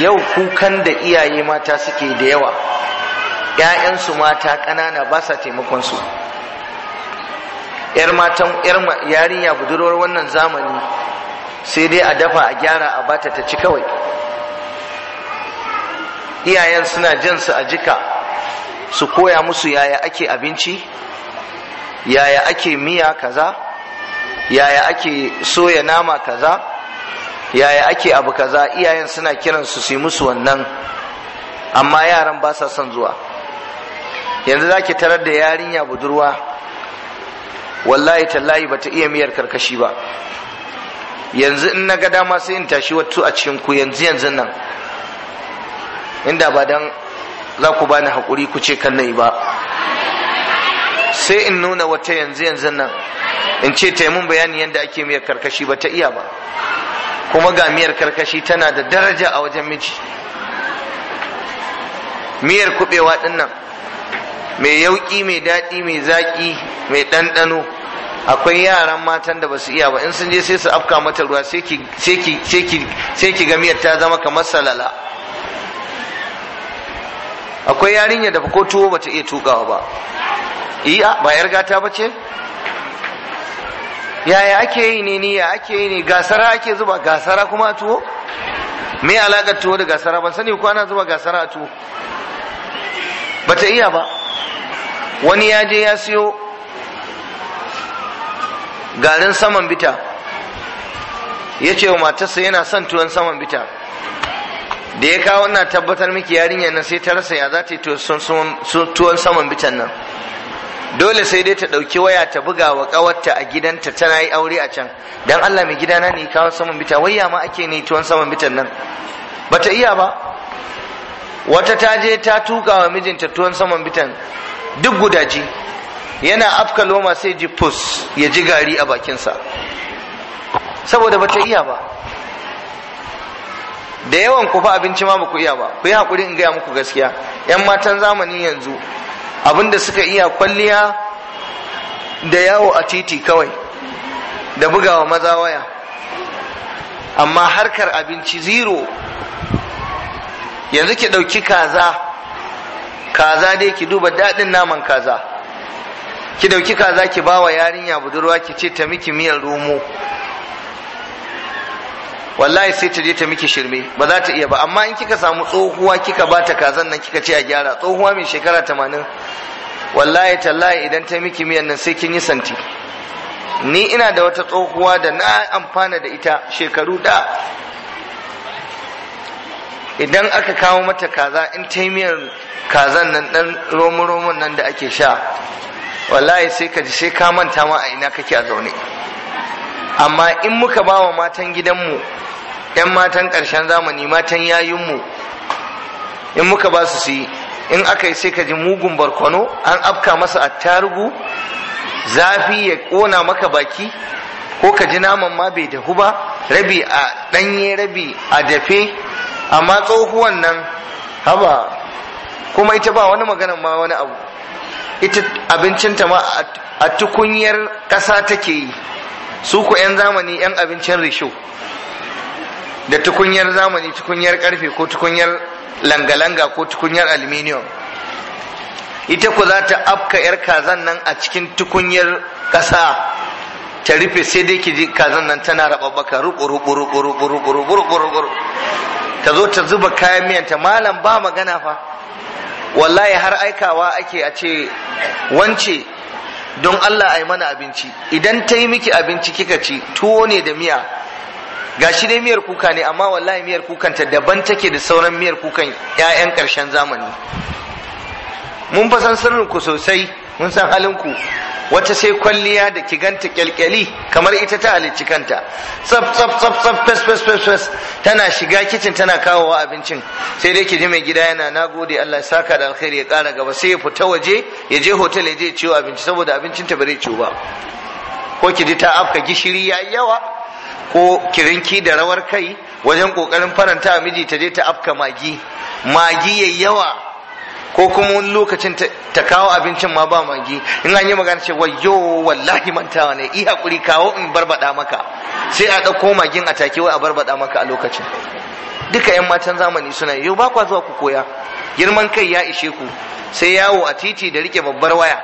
[SPEAKER 1] yau kukan da iyaye mata suke da yawa 'ya'yansu mata ƙanana ba sa taimakonsu su yar matan yar yarinya budurwar wannan zamani sai dai a dafa a gyara a bata ta ci kawai iyayen suna jin su a jika su koya musu yaya ake abinci yaya ake miya kaza yaya ake soya nama kaza yaya ake abu kaza iyayen suna kiran su su musu wannan amma yaran ba sa son zuwa yanzu zaki tarar da yarinya budurwa wallahi tallahi bata iya miyar karkashi ba yanzu in na ga dama sai in tashi wato a cikin ku yanzu yanzu nan inda ba dan za ku bani hakuri ku ce kallai ba sai in nuna wata yanzu yanzu nan in ce ta mun bayani yadda ake miyar karkashi ba iya ba kuma ga miyar karkashi tana da daraja a wajen miji miyar kubewa din mai yauki mai daɗi mai zaƙi mai ɗanɗano akwai yaran matan da ba su iya ba in sun je sai su afka mata ruwa sai ki ga miyar ta zama kamar salala akwai yarinya da ko tuwo ba ta iya tukawa ba iya ba yar gata ba ce yaya ake yi ne ne? ya ake yi ne gasara ake zuba gasara kuma a tuwo me alaƙar tuwo da gasara ban sani ko ana zuba gasara a tuwo bata iya ba wani ya je ya siyo garin saman bita ya ce wa matarsa yana son tuwon saman bita da ya kawo na tabbatar miki yarinyar nan sai ta rasa ya za ta yi tuwon saman bitan nan dole sai dai ta ɗauki waya ta buga wa ƙawarta a gidanta tana yi aure a can don allah mai gidana ne kawo saman bita waya ma ake ne tuwon saman bitan nan Ba ta iya ba wata ta je ta tuka wa mijinta tuwon saman bitan duk ji yana afka loma sai ji pus ya ji gari a bakinsa saboda ba ta iya ba da yawan ku abinci ma ku iya ba ku yi hakuri in gaya muku gaskiya yan matan zamani yanzu abinda suka iya kwalliya da yawo a titi kawai da bugawa maza waya amma harkar abinci zero yanzu ki ɗauki kaza kaza dai ki duba daɗin naman kaza ki dauki kaza ki ba wa yarinya budurwa ki ce ta miki miyar romo wallahi sai ta je ta miki shirme ba za ta iya ba amma in kika samu tsohuwa kika bata kazan nan kika ce a gyara tsohuwa mai shekara tamanin wallahi tallahi idan ta miki miyan nan sai kin yi santi ni ina da wata tsohuwa da na amfana da ita shekaru da idan aka kawo mata kaza in taimiyar kazan nan dan romo nan da ake sha wallahi sai ka ji sai ka manta ma a ina kake a zaune amma in muka ba wa matan gidanmu yan matan ƙarshen zamani matan yayinmu in muka ba su su yi in aka yi sai ka ji mugun barkwano an afka masa attarugu zafi ya ƙona maka baki ko ka ji naman ma bai dahu ba rabi a ɗanye rabi a dafe amma tsohuwan nan haba kuma ita ba wani magana ma wani abu ita abincinta ma a tukunyar ƙasa take yi su ku 'yan zamani 'yan abincin risho da tukunyar zamani tukunyar karfe ko tukunyar langalanga ko tukunyar aluminium ita ku za ta afka 'yar kazan nan a cikin tukunyar ƙasa ta rufe sai dai ki ji kazan nan tana rababbaka rubu rubu rubu rubu rubu rubu rubu ta zo ta zuba kayan miyanta malam ba magana fa wallahi har aikawa ake a ce wance don Allah a yi mana abinci idan ta yi miki abinci kika ci tuwo ne da miya Ga shi dai miyar kuka ne amma wallahi miyar kukanta daban take da sauran miyar kukan 'ya'yan ƙarshen zamani mun fasan sirrinku sosai mun san halinku wata sai kwalliya da ki ganta kyalkyali kamar ita ta halicci kanta tsaf tsaf tsaf tsaf fes fes fes fes tana shiga kicin tana kawowa abincin sai dai ki ji mai gida yana nagode Allah ya saka da alkhairi ya kara gaba sai ya fita waje ya je hotel ya je ciwo abinci saboda abincin ta bare ciwo ba ko ki ji ta afka gishiri yayi yawa ko kirinki da rawar kai wajen kokarin faranta miji ta je ta afka magi magi yayi yawa ko kuma wani lokacin ta kawo abincin ma ba magi in an yi magana ce wayo wallahi mantawa ne iya hakuri kawo in barbada maka sai a ɗauko magin a take wai a barbada maka a lokacin duka yan matan zamani suna yau ba kwa zuwa ku koya girman kai ya ishe ku sai yawo a titi da rike babbar waya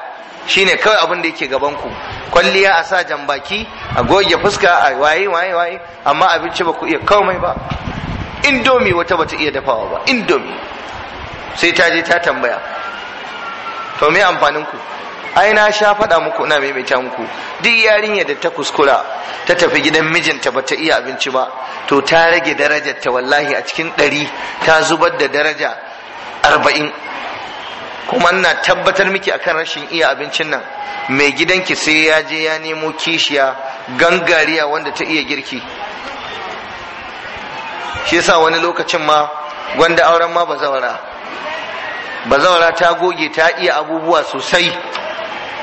[SPEAKER 1] shine kawai abin da yake gaban ku kwalliya a sa jan a goge fuska a waye waye waye amma abinci ba ku iya kawai ba indomi wata bata iya dafawa ba indomi sai ta je ta tambaya to me amfanin ku ai na sha faɗa muku na maimaita muku duk yarinya da ta kuskura ta tafi gidan mijinta ba ta iya abinci ba to ta rage daraja ta wallahi a cikin ɗari ta zubar da daraja arba'in kuma ina tabbatar miki akan rashin iya abincin nan mai gidanki sai ya je ya nemo kishiya gangariya wanda ta iya girki shi yasa wani lokacin ma gwanda auren ma ba zawara Ba zaura ta goge ta iya abubuwa sosai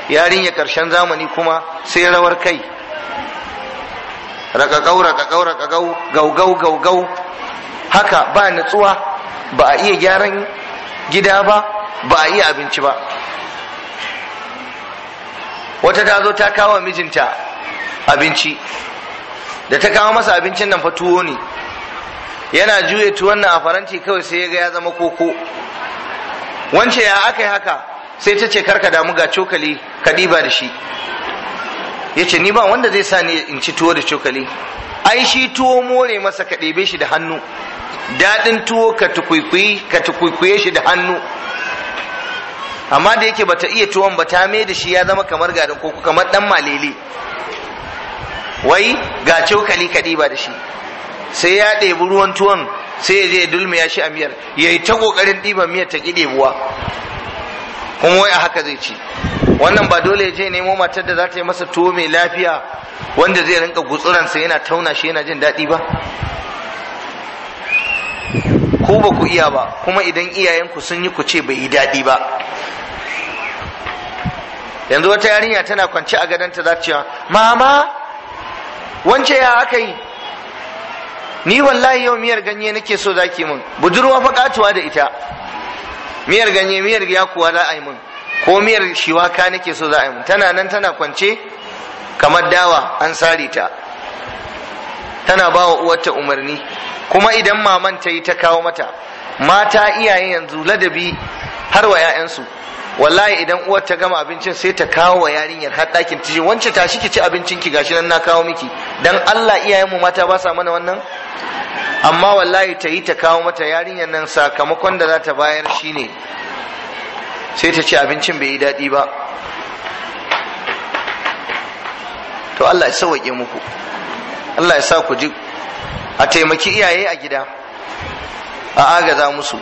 [SPEAKER 1] yarinya karshen zamani kuma sai rawar kai rakakau rakakau rakakau gaugau gaugau haka ba natsuwa ba a iya gyaran gida ba ba a iya abinci ba wata ta zo ta kawo mijinta abinci da ta kawo masa abincin nan fa tuwo ne yana juye tuwon nan a faranti kawai sai ya ga ya zama koko wance ya aka yi haka sai ta ce karka damu ga cokali ka ɗiba da shi ya ce ni ba wanda zai sa ni in ci tuwo da cokali ai shi tuwo more masa ka ɗebe shi da hannu daɗin tuwo ka tukwikwiye shi da hannu amma da yake bata iya tuwon ba ta mai da shi ya zama kamar garin koko kamar ɗan malele wai ga cokali ka ɗiba da shi sai ya ɗebi ruwan tuwon sai ya je ya dulmiya shi a miyar ya yi ta kokarin ɗiba miyar ta ƙiɗe buwa kuma wai a haka zai ci wannan ba dole ya je nemo matar da za ta yi masa tuwo mai lafiya wanda zai rinka gutsuransa yana tauna shi yana jin daɗi ba Ko ba ku iya ba kuma idan iyayenku sun yi ku ce bai yi daɗi ba yanzu wata yarinya tana kwance a gadonta za ta ce mama wance ya aka yi ni wallahi yau miyar ganye nake so zaki mun budurwa fa katuwa da ita miyar ganye miyar kuwa za a yi mun ko miyar shiwaka nake so za a yi mun tana nan tana kwance kamar dawa an sare ta tana ba wa uwarta umarni kuma idan maman ta yi ta kawo mata mata iyayen yanzu ladabi har wa 'ya'yansu wallahi idan uwar ta gama abincin sai ta kawo wa yarinyar har ɗakin ta ce wance tashi ki ci abincin ki gashi nan na kawo miki dan Allah iyayen mata ba sa mana wannan amma wallahi ta yi ta kawo mata yarinyar nan sakamakon da za ta bayar shi ne, sai ta ce abincin bai yi daɗi ba to Allah ya sauwaƙe muku Allah ya sa ku ji a taimaki iyaye a gida a agaza musu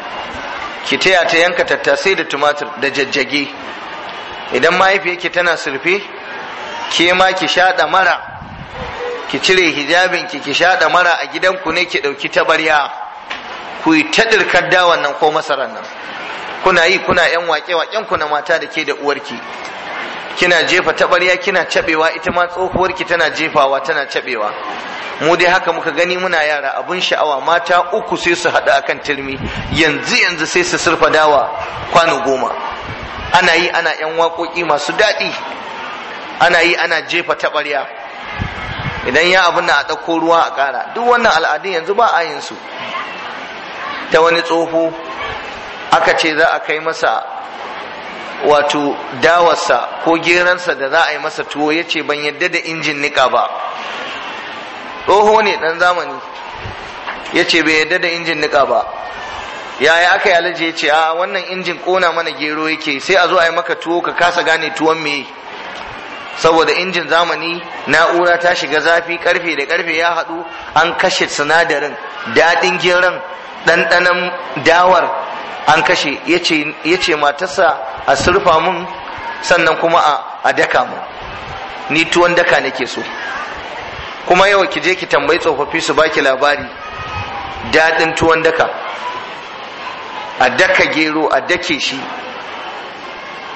[SPEAKER 1] ki taya ta yanka tattasai da tumatir da jajjage idan mahaifiyarki tana surfe ke ma ki shaɗa mara ki cire hijabin ki ki shaɗa mara a gidanku ne ki ɗauki tabarya ku yi ta ɗirkar dawan nan ko masaran nan kuna yi kuna yan wake waken ku na mata da ke da uwarki kina jefa tabarya kina cabewa ita ma ki tana jefawa tana cabewa mu dai haka muka gani muna yara abun sha'awa mata uku sai su haɗu akan turmi yanzu yanzu sai su surfa dawa kwano goma ana yi ana yan wakoki masu daɗi ana yi ana jefa tabarya idan ya abin a ɗauko ruwa a ƙara duk wannan al'adun yanzu ba a yin su ta wani tsoho aka ce za a kai masa wato dawarsa ko geransa da za a yi masa tuwo ya ce ban yadda da injin niƙa ba tsoho ne ɗan zamani ya ce bai yadda da injin niƙa ba yaya aka yi alaji ya ce a wannan injin kona mana gero yake sai a zo a yi maka tuwo ka kasa gane tuwon me saboda injin zamani na'ura ta shiga zafi karfe da karfe ya haɗu an kashe sinadarin daɗin geron ɗanɗanon dawar an kashe yace ce matarsa a surfa mun sannan kuma a daka mu ni tuwon daka nake so kuma yau ki je ki tambayi tsofaffi su baki labari daɗin tuwon daka a daka gero a dake shi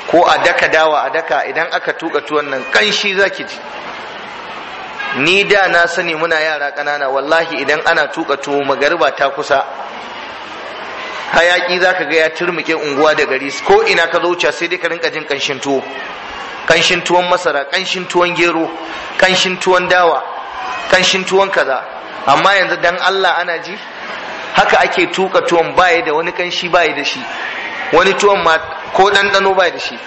[SPEAKER 1] ko a daka dawa a daka idan aka tuka tuwon nan kanshi zaki ji ni da na sani muna yara ƙanana wallahi idan ana tuka tuwo magariba ta kusa hayaki zaka ga ya turmuke unguwa da gari ko ina ka zo sai dai ka rinka jin kanshin tuwo kanshin tuwon masara kanshin tuwon gero kanshin tuwon dawa kanshin tuwon kaza amma yanzu dan Allah ana ji haka ake tuka tuwon baya da wani kanshi baya da shi wani tuwon ma ko ɗanɗano ba da shi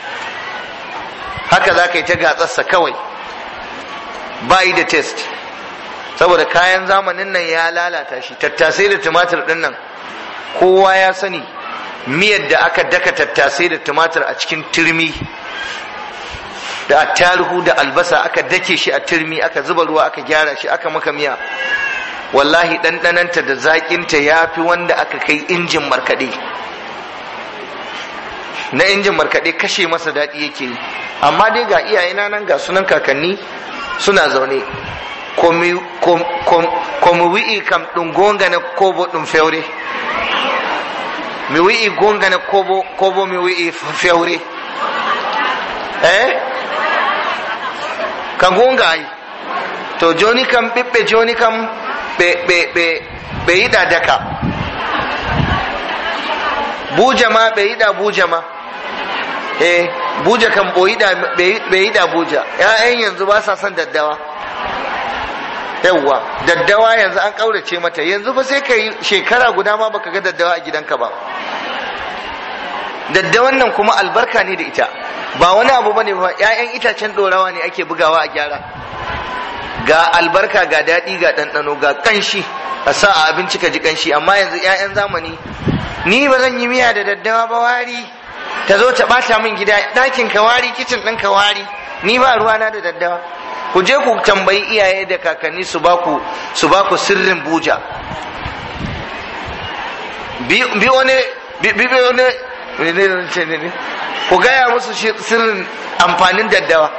[SPEAKER 1] haka za ka yi ta gatsarsa kawai ba yi da test saboda kayan zamanin nan ya lalata shi tattasai da tumatir ɗin nan kowa ya sani miyar da aka daka tattasai da tumatir a cikin turmi da attaruhu da albasa aka dake shi a turmi aka zuba ruwa aka gyara shi aka maka miya wallahi ɗanɗananta da zaƙinta ya fi wanda aka kai injin markaɗe na injin markaɗe kashe masa daɗi yake yi amma dai ga iyayena nan ga sunan kakanni suna zaune komi wi'i kam gonga na kobo ɗin fewre mi wi'i na kobo kobo mi wi'i fewre eh ka gonga ai to joni kam ɓiɓɓe joni kam ɓe yiɗa daka buja ma ɓe yiɗa buja ma eh buja kan boyi da bai da buja ƴaƴan yanzu ba sa son daddawa yawwa daddawa yanzu an kaurace mata yanzu ba sai kai shekara guda ma baka ga daddawa a gidanka ba daddawan nan kuma albarka ne da ita ba wani abu bane ba ƴaƴan itacen dorawa ne ake bugawa a gyara ga albarka ga daɗi ga ɗanɗano ga ƙanshi a sa a abinci ka ji ƙanshi amma yanzu ƴaƴan zamani ni ba zan yi miya da daddawa ba wari ta zo ta bata min gida ɗakin kawari kicin ɗin kawari ni ba ruwana da daddawa ku je ku tambayi iyaye da kakanni su ba su sirrin buja bi wani bi wani ku gaya musu sirrin amfanin daddawa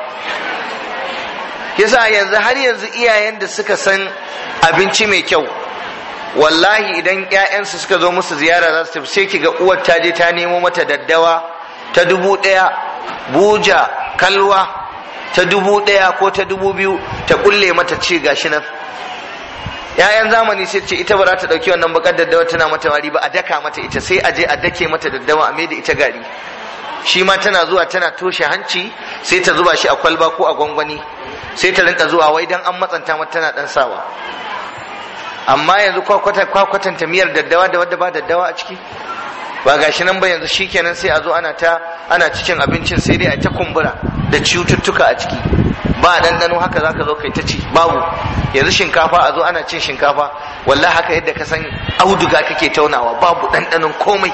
[SPEAKER 1] yasa yanzu har yanzu iyayen da suka san abinci mai kyau wallahi idan 'ya'yansu suka zo musu ziyara za su sai kiga uwar ta je ta nemo mata daddawa ta dubu ɗaya buja kalwa ta dubu ɗaya ko ta dubu biyu ta kulle mata ci gashi nan ƴaƴan zamani sai ce ita ba za ta ɗauki wannan bakar daddawa tana mata wari ba a daka mata ita sai a je a dake mata daddawa a mai da ita gari shi ma tana zuwa tana toshe hanci sai ta zuba shi a kwalba ko a gwangwani sai ta rinka zuwa wai dan an matsanta mata tana dan sawa amma yanzu kwakwatanta miyar daddawa da wadda ba daddawa a ciki ba gashi nan ba yanzu shikenan sai a zo ana ta ana cikin abincin sai dai a ta kumbura da cututtuka a ciki ba ɗanɗano haka za ka zo kai ta ci babu yanzu shinkafa a zo ana cin shinkafa walla haka yadda ka san auduga kake taunawa babu ɗanɗanon komai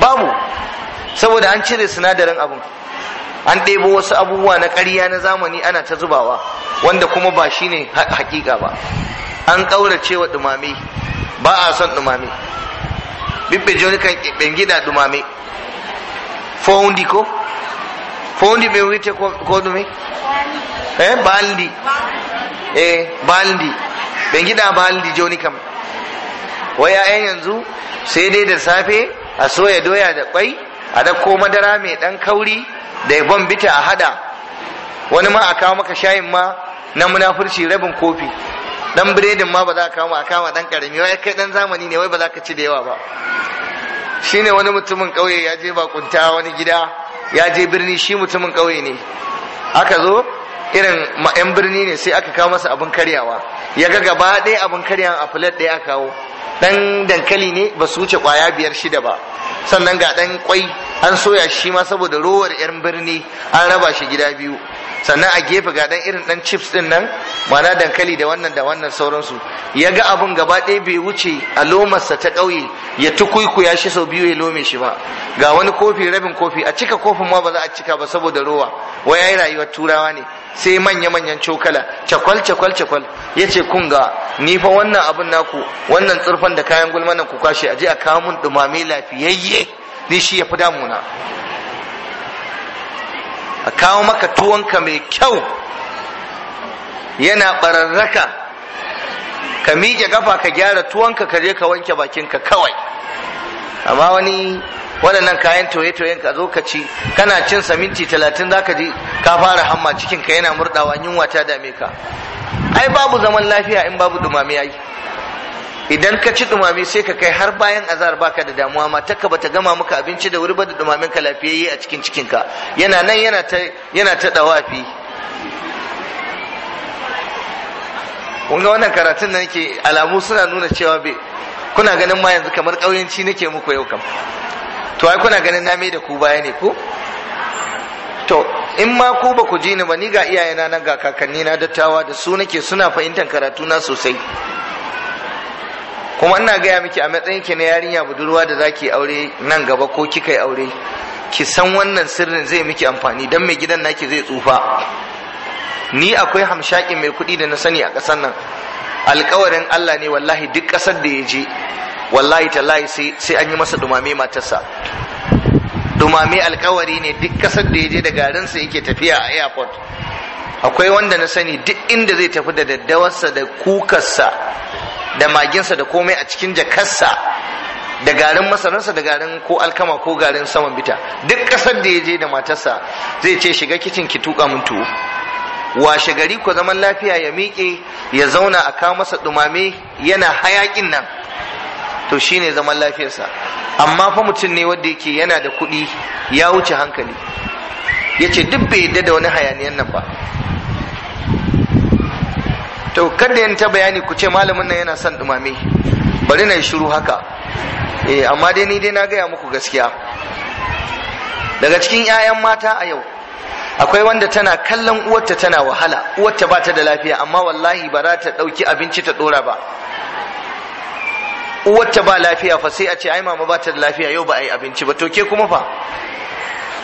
[SPEAKER 1] babu saboda an cire sinadarin abin an ɗebo wasu abubuwa na ƙarya na zamani ana ta zubawa wanda kuma ba shine haƙiƙa ba an ƙaurace wa dumame ba a son dumame bibbe joni kan gida dumame fondi ko fondi ɓe wuce ko ɗume eh baldi Eh baldi ɓe gida baldi joni kam waya en yanzu sai dai da safe a soya doya da ƙwai a ɗauko madara mai ɗan kauri da ya bita a hada wani ma a kawo maka shayin ma na munafurci rabin kofi dan biredin ma ba za ka kama a kama dan karami wai kai dan zamani ne wai ba za ka ci da yawa ba shine wani mutumin kauye ya je bakunta wani gida ya je birni shi mutumin kauye ne aka zo irin yan birni ne sai aka kawo masa abin karyawa ya ga gaba ɗaya abin karyawa a filet ɗaya aka kawo dan dankali ne ba su wuce kwaya biyar shida ba sannan ga dan kwai an soya shi ma saboda rowar yan birni an raba shi gida biyu sannan a gefe ga dan irin dan chips din nan mana dankali da wannan da wannan sauransu ya ga abun gaba ɗaya bai wuce a lomarsa ta ƙauye ya tukuikuya shi sau biyu ya lome shi ba ga wani kofi rabin kofi a cika kofin ma ba za a cika ba saboda rowa wai yayi rayuwar turawa ne sai manya-manyan cokala cakwal cakwal cakwal ya ce kun ga ni fa wannan abun naku wannan tsurfan da kayan gulmanan ku kwashe je a kawo mun dumame lafiyayye ni shi ya fi damuna a kawo maka tuwonka mai kyau yana bararraka ka miƙe gafa ka gyara tuwonka ka je ka wanke bakinka kawai amma wani waɗannan kayan toye-toyen ka zo ka ci kana cin sa minti talatin za ka ji ka fara hamma cikinka yana murɗawa yunwa ta dame ka ai babu zaman lafiya in babu dumami yayi idan ka ci dumami sai ka kai har bayan azar baka da damuwa ma, matarka bata gama maka abinci da wuri ba da dumamin ka lafiyayye a cikin cikinka yana nan yana ta yana ta dawafi kun ga wannan karatun nan yake alamu suna nuna cewa bai kuna ganin ma yanzu kamar ƙauyenci nake muku yau kam to ai kuna ganin na da ku baya ne ko to in ma ku ba ku ji ni ba ni ga iyayena nan ga kakanni na dattawa da su nake suna fahimtar karatu na sosai kuma ina gaya miki a matsayin ki na yarinya budurwa da zaki aure nan gaba ko kika yi aure ki san wannan sirrin zai miki amfani dan mai gidan naki zai tsufa ni akwai hamshaki mai kuɗi da na sani a ƙasar nan alƙawarin Allah ne wallahi duk ƙasar da ya je wallahi tallahi sai an yi masa dumame matarsa dumame alƙawari ne duk ƙasar da ya je da garinsa yake tafiya a airport akwai wanda na sani duk inda zai tafi da daddawarsa da kukarsa da maginsa da komai a cikin jakarsa da garin masararsa da garin ko alkama ko garin saman bita duk kasar da ya je da matarsa zai ce shiga kicin ki tuka min tuwo washe gari ko zaman lafiya ya miƙe ya zauna a kawo masa dumame yana hayakin nan to shine zaman lafiyarsa amma fa mutum ne wanda yake yana da kuɗi ya wuce hankali ya ce duk bai yadda da wani hayaniyan nan ba to kada yin ta bayani ku ce malamin nan yana son dumame bari na yi shiru haka eh amma dai ni dai na gaya muku gaskiya daga cikin 'ya'yan mata a yau akwai wanda tana kallon uwarta tana wahala uwarta ba ta da lafiya amma wallahi ba za ta ɗauki abinci ta ɗora ba uwarta ba lafiya fa sai a ce ai mama ba ta da lafiya yau ba a yi abinci ba to ke kuma fa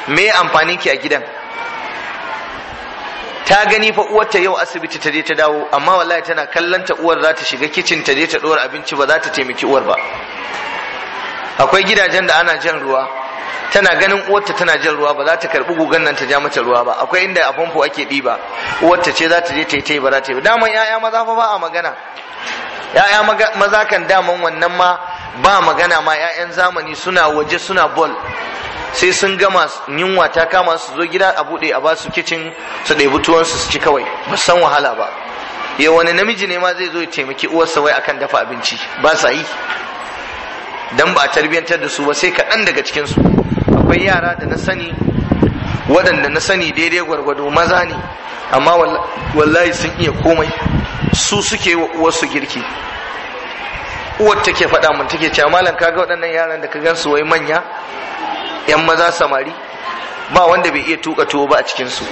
[SPEAKER 1] me amfanin ki a gidan ta gani fa Uwar ta yau asibiti ta je ta dawo amma wallahi tana kallon ta uwar za ta shiga kicin ta je ta dora abinci ba za ta taimaki uwar ba akwai gidajen da ana jan ruwa tana ganin Uwar ta tana jan ruwa ba za ta karbi gugan nan ta ja mata ruwa ba akwai inda a famfo ake diba ta ce za ta je ta yi ta yi ba za ta yi daman ya'ya maza fa ba a magana ya'ya maza kan daman wannan ma ba magana ma ya'yan zamani suna waje suna bol sai sun gama yunwa ta kama su zo gida a bude a basu kicin su ɗebi tuwansu su ci kawai ba san wahala ba ya wani namiji ne ma zai zo ya taimaki uwarsa wai akan dafa abinci ba sa yi dan ba a tarbiyyantar da su ba sai kaɗan daga cikinsu akwai yara da na sani waɗanda na sani daidai gwargwado maza ne amma wallahi sun iya komai su suke wa uwarsu girki uwar take faɗa mun take cewa malam kaga waɗannan yaran da ka gansu wai manya yan maza samari ba wanda bai iya tuka tuwo ba a cikinsu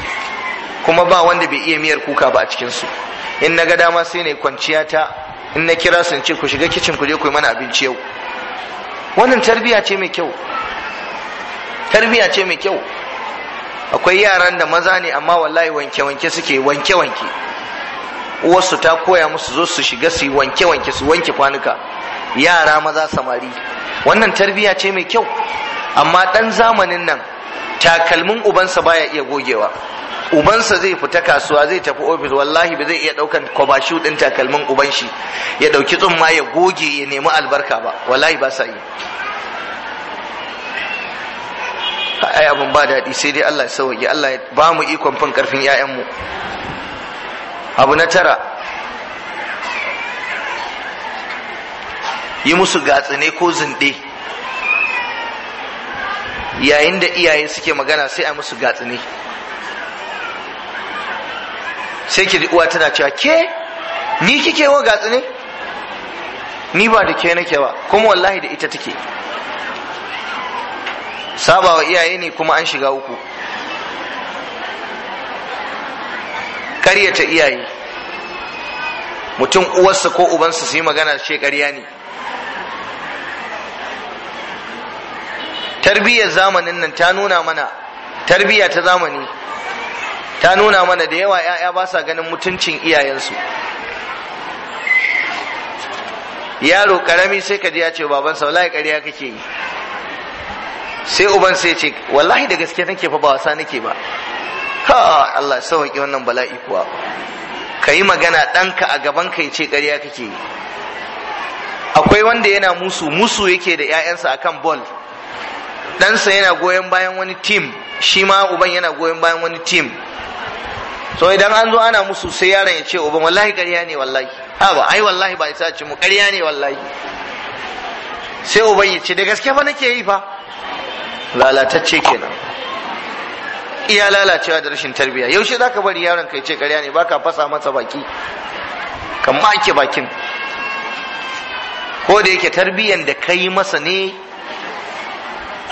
[SPEAKER 1] kuma ba wanda bai iya miyar kuka ba a cikinsu in na ga dama sai ne kwanciya ta in na kira sun ce ku shiga kicin ku je ku yi mana abinci yau wannan tarbiya ce mai kyau tarbiya ce mai kyau akwai yaran da maza ne amma wallahi wanke wanke suke wanke wanke uwarsu ta koya musu zo su shiga su yi wanke wanke su wanke kwanuka yara maza samari wannan tarbiya ce mai kyau amma ɗan zamanin nan takalmin ubansa baya iya gogewa ubansa zai fita kasuwa zai tafi ofis wallahi ba zai iya ɗaukan kwabashu ɗin takalmin uban shi ya ɗauki tsumma ya goge ya nemi albarka ba wallahi ba sa yi ai abin ba daɗi sai dai Allah ya sauke Allah ya ba mu ikon fin ƙarfin 'ya'yanmu abu na tara yi musu gatsine ko zinde yayin da iyaye suke magana sai a musu gatsini sai ki uwa tana cewa ke ni kike wa gatsini ni ba da ke nake ba kuma wallahi da ita take sabawa iyaye ne kuma an shiga uku ƙaryata iyaye mutum uwarsa ko ubansa su yi magana ce ƙarya ne tarbiyyar zamanin nan ta nuna mana tarbiyya ta zamani ta nuna mana da yawa 'ya'ya ba sa ganin mutuncin iyayensu yaro karami sai ka ji ya ce sau wallahi ƙarya kake yi sai uban sai ce wallahi da gaske nake fa ba wasa nake ba ha Allah sauki wannan bala'i kuwa ka yi magana ɗanka a gaban ka ce ƙarya kake yi akwai wanda yana musu musu yake da 'ya'yansa akan ball ɗansa yana goyon bayan wani tim shi ma uban yana goyon bayan wani tim so idan an zo ana musu sai yaron ya ce uban wallahi ƙarya ne wallahi ha ba ai wallahi ba isa ce mu ƙarya ne wallahi sai uban ya ce da gaske fa nake yi fa lalatacce kenan iya lalacewa da rashin tarbiyya yaushe zaka bari yaron kai ce ƙarya ne baka fasa masa baki kan make bakin ko da yake tarbiyyan da kai masa ne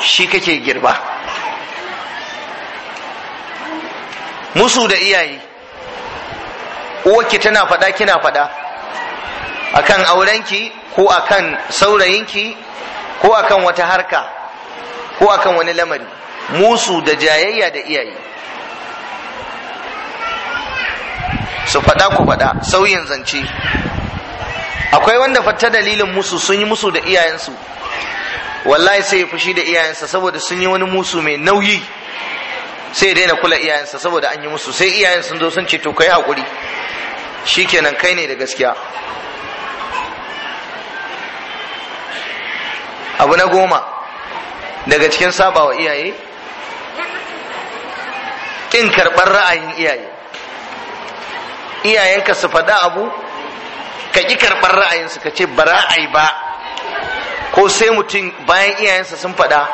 [SPEAKER 1] shi kake girba musu da iyaye uwarki tana faɗa kina faɗa kan aurenki ko akan saurayinki ko akan wata harka ko akan wani lamari musu da jayayya da iyaye su faɗa ku faɗa sauyin zance akwai wanda fata dalilin musu sun yi musu da iyayensu wallahi sai ya fushi da iyayensa saboda sun yi wani musu mai nauyi sai ya daina kula iyayensa saboda an yi musu sai iyayen sun zo sun ce to kai hakuri shikenan kai ne da gaskiya abu na goma daga cikin sabawa iyaye kin karɓar ra'ayin iyaye iyayenka su faɗa abu ka ƙi karɓar ra'ayinsu ka ce ba ra'ayi ba ko sai mutum bayan iyayensa sun faɗa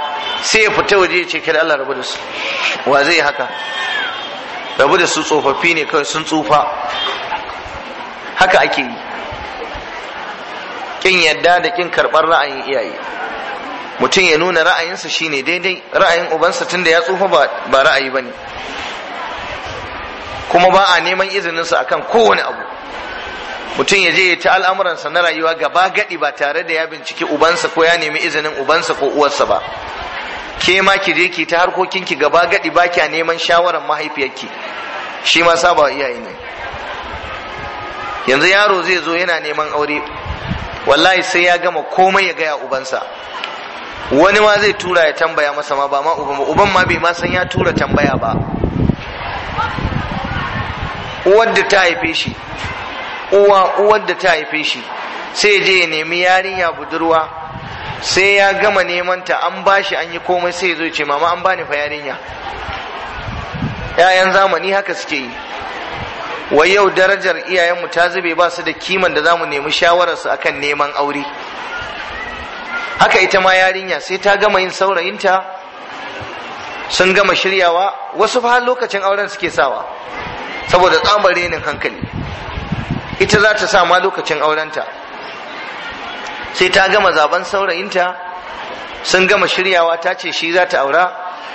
[SPEAKER 1] sai ya fita waje ya ce kada Allah rabu da su wa zai haka rabu da su tsofaffi ne kawai sun tsufa haka ake yi kin yadda da kin karɓar ra'ayin iyaye mutum ya nuna ra'ayinsa shine daidai ra'ayin ubansa tunda ya tsufa ba ra'ayi ba ne. kuma ba a neman izininsa akan kowane abu mutum ya je ya ta al'amuransa na rayuwa gaba gadi ba tare da ya binciki ubansa ko ya nemi izinin ubansa ko uwarsa ba ke ma ki je ki ta harkokinki gaba gadi ba kya neman shawaran mahaifiyarki shi ma saba iyaye ne yanzu yaro zai zo yana neman aure wallahi sai ya gama komai ya gaya ubansa wani ma zai tura ya tambaya masa ma ba ma uban ba uban ma bai ma san ya tura tambaya ba wadda ta haife shi uwa uwar da ta haife shi sai je ya nemi yarinya budurwa sai ya gama nemanta ta an bashi an yi komai sai zo ce mama an bani fa yarinya yayan zamani haka suke yi wai yau darajar iyayenmu ta zube ba su da kiman da zamu nemi shawararsu akan neman aure haka ita ma yarinya sai ta gama yin saurayinta sun gama shiryawa wasu fa lokacin auren suke sawa saboda tsamar renin hankali ita za ta sa ma lokacin aurenta sai ta gama zaben saurayinta sun gama shiryawa ta ce shi za ta aura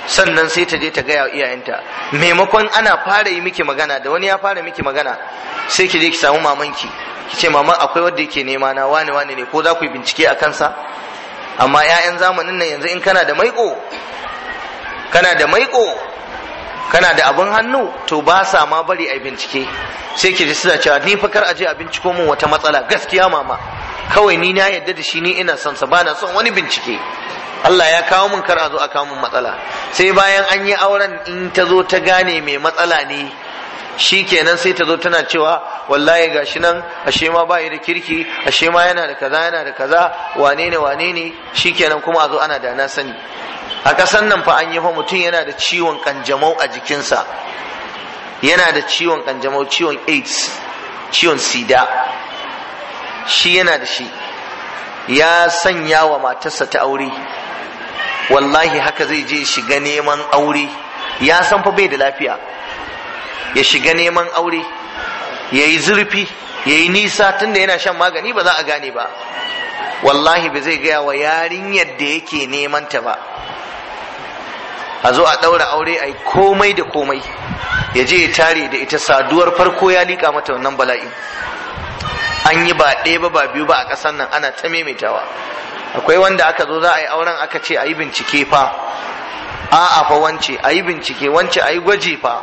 [SPEAKER 1] sannan sai ta je ta gaya iyayenta maimakon ana fara yi miki magana da wani ya fara miki magana sai ki je ki samu mamanki ki ce mama akwai wanda yake nema na wane wani ne ko za ku yi bincike a kansa amma 'ya'yan zamanin nan yanzu in kana da maiko kana da maiko kana da abin hannu to ba sa ma bari a bincike sai ke ji suna cewa ni fa kar a a binciko min wata matsala gaskiya mama kawai ni na yadda da shi ni ina son sa bana son wani bincike Allah ya kawo min kar a zo a kawo min matsala sai bayan an yi auren in ta zo ta gane mai matsala ne shi kenan sai ta zo tana cewa wallahi gashi nan ashe ma ba da kirki ashe ma yana da kaza yana da kaza wane ne wane ne shi kenan kuma a zo ana da na sani a ƙasan nan fa an yi fa mutum yana da ciwon kanjamau a jikinsa yana da ciwon kanjamau ciwon aids ciwon sida shi yana da shi ya sanya wa matarsa ta aure wallahi haka zai je shiga neman aure ya san fa bai da lafiya ya shiga neman aure ya yi zurfi ya yi nisa tunda yana shan magani ba za a gane ba wallahi ba zai gaya wa yarinyar da yake neman ta ba a zo a ɗaura aure a komai da komai ya je ya tare da ita saduwar farko ya liƙa mata wannan bala'i an yi ba ɗaya ba ba biyu ba a ƙasar nan ana ta maimaitawa akwai wanda aka zo za a yi auren aka ce a yi bincike fa a'a fa wance a yi bincike wance a yi gwaji fa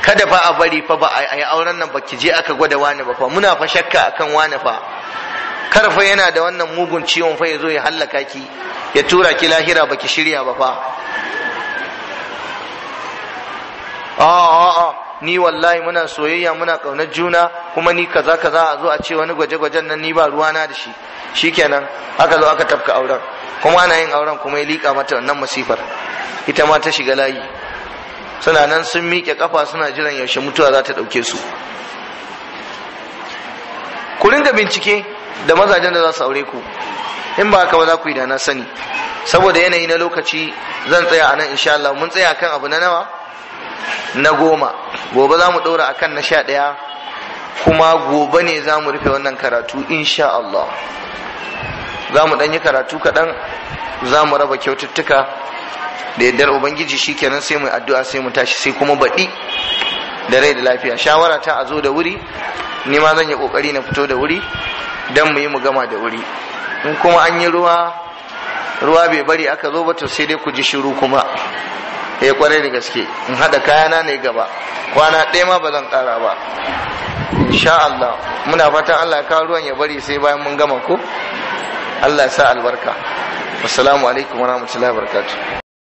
[SPEAKER 1] kada fa a bari fa ba a yi auren nan ba ki je aka gwada wani ba fa muna fa shakka akan wani fa kar yana da wannan mugun ciwon fa ya zo ya hallaka ki ya tura ki lahira baki shirya ba fa a'a ni wallahi muna soyayya muna ƙaunar juna kuma ni kaza kaza a zo a ce wani gwaje-gwajen nan ni ba ruwana da shi shikenan aka zo aka tafka auren kuma ana yin auren kuma ya liƙa mata wannan masifar ita ma ta shiga layi suna nan sun miƙe kafa suna jiran yaushe mutuwa za ta ɗauke su ku ringa bincike da mazajen da za su aure ku in ba haka ba za ku yi da na sani saboda yanayi na lokaci zan tsaya a nan insha Allah mun tsaya kan abu na nawa na goma gobe za mu ɗora akan na sha ɗaya kuma gobe ne za mu rufe wannan karatu insha Allah za mu ɗan karatu kaɗan za mu raba kyaututtuka da yardar ubangiji shi kenan sai mu addu'a sai mu tashi sai kuma baɗi da rai da lafiya shawara ta a zo da wuri ni ma zan yi ƙoƙari na fito da wuri don mu yi mu gama da wuri in kuma an yi ruwa ruwa bai bari aka zo ba to sai dai ku ji shiru kuma eh kwarai da gaske in hada kayana ne gaba kwana ɗaya ma ba zan ƙara ba insha Allah muna fatan Allah ka ruwan ya bari sai bayan mun gama ko Allah ya sa albarka assalamu alaikum warahmatullahi wabarakatuh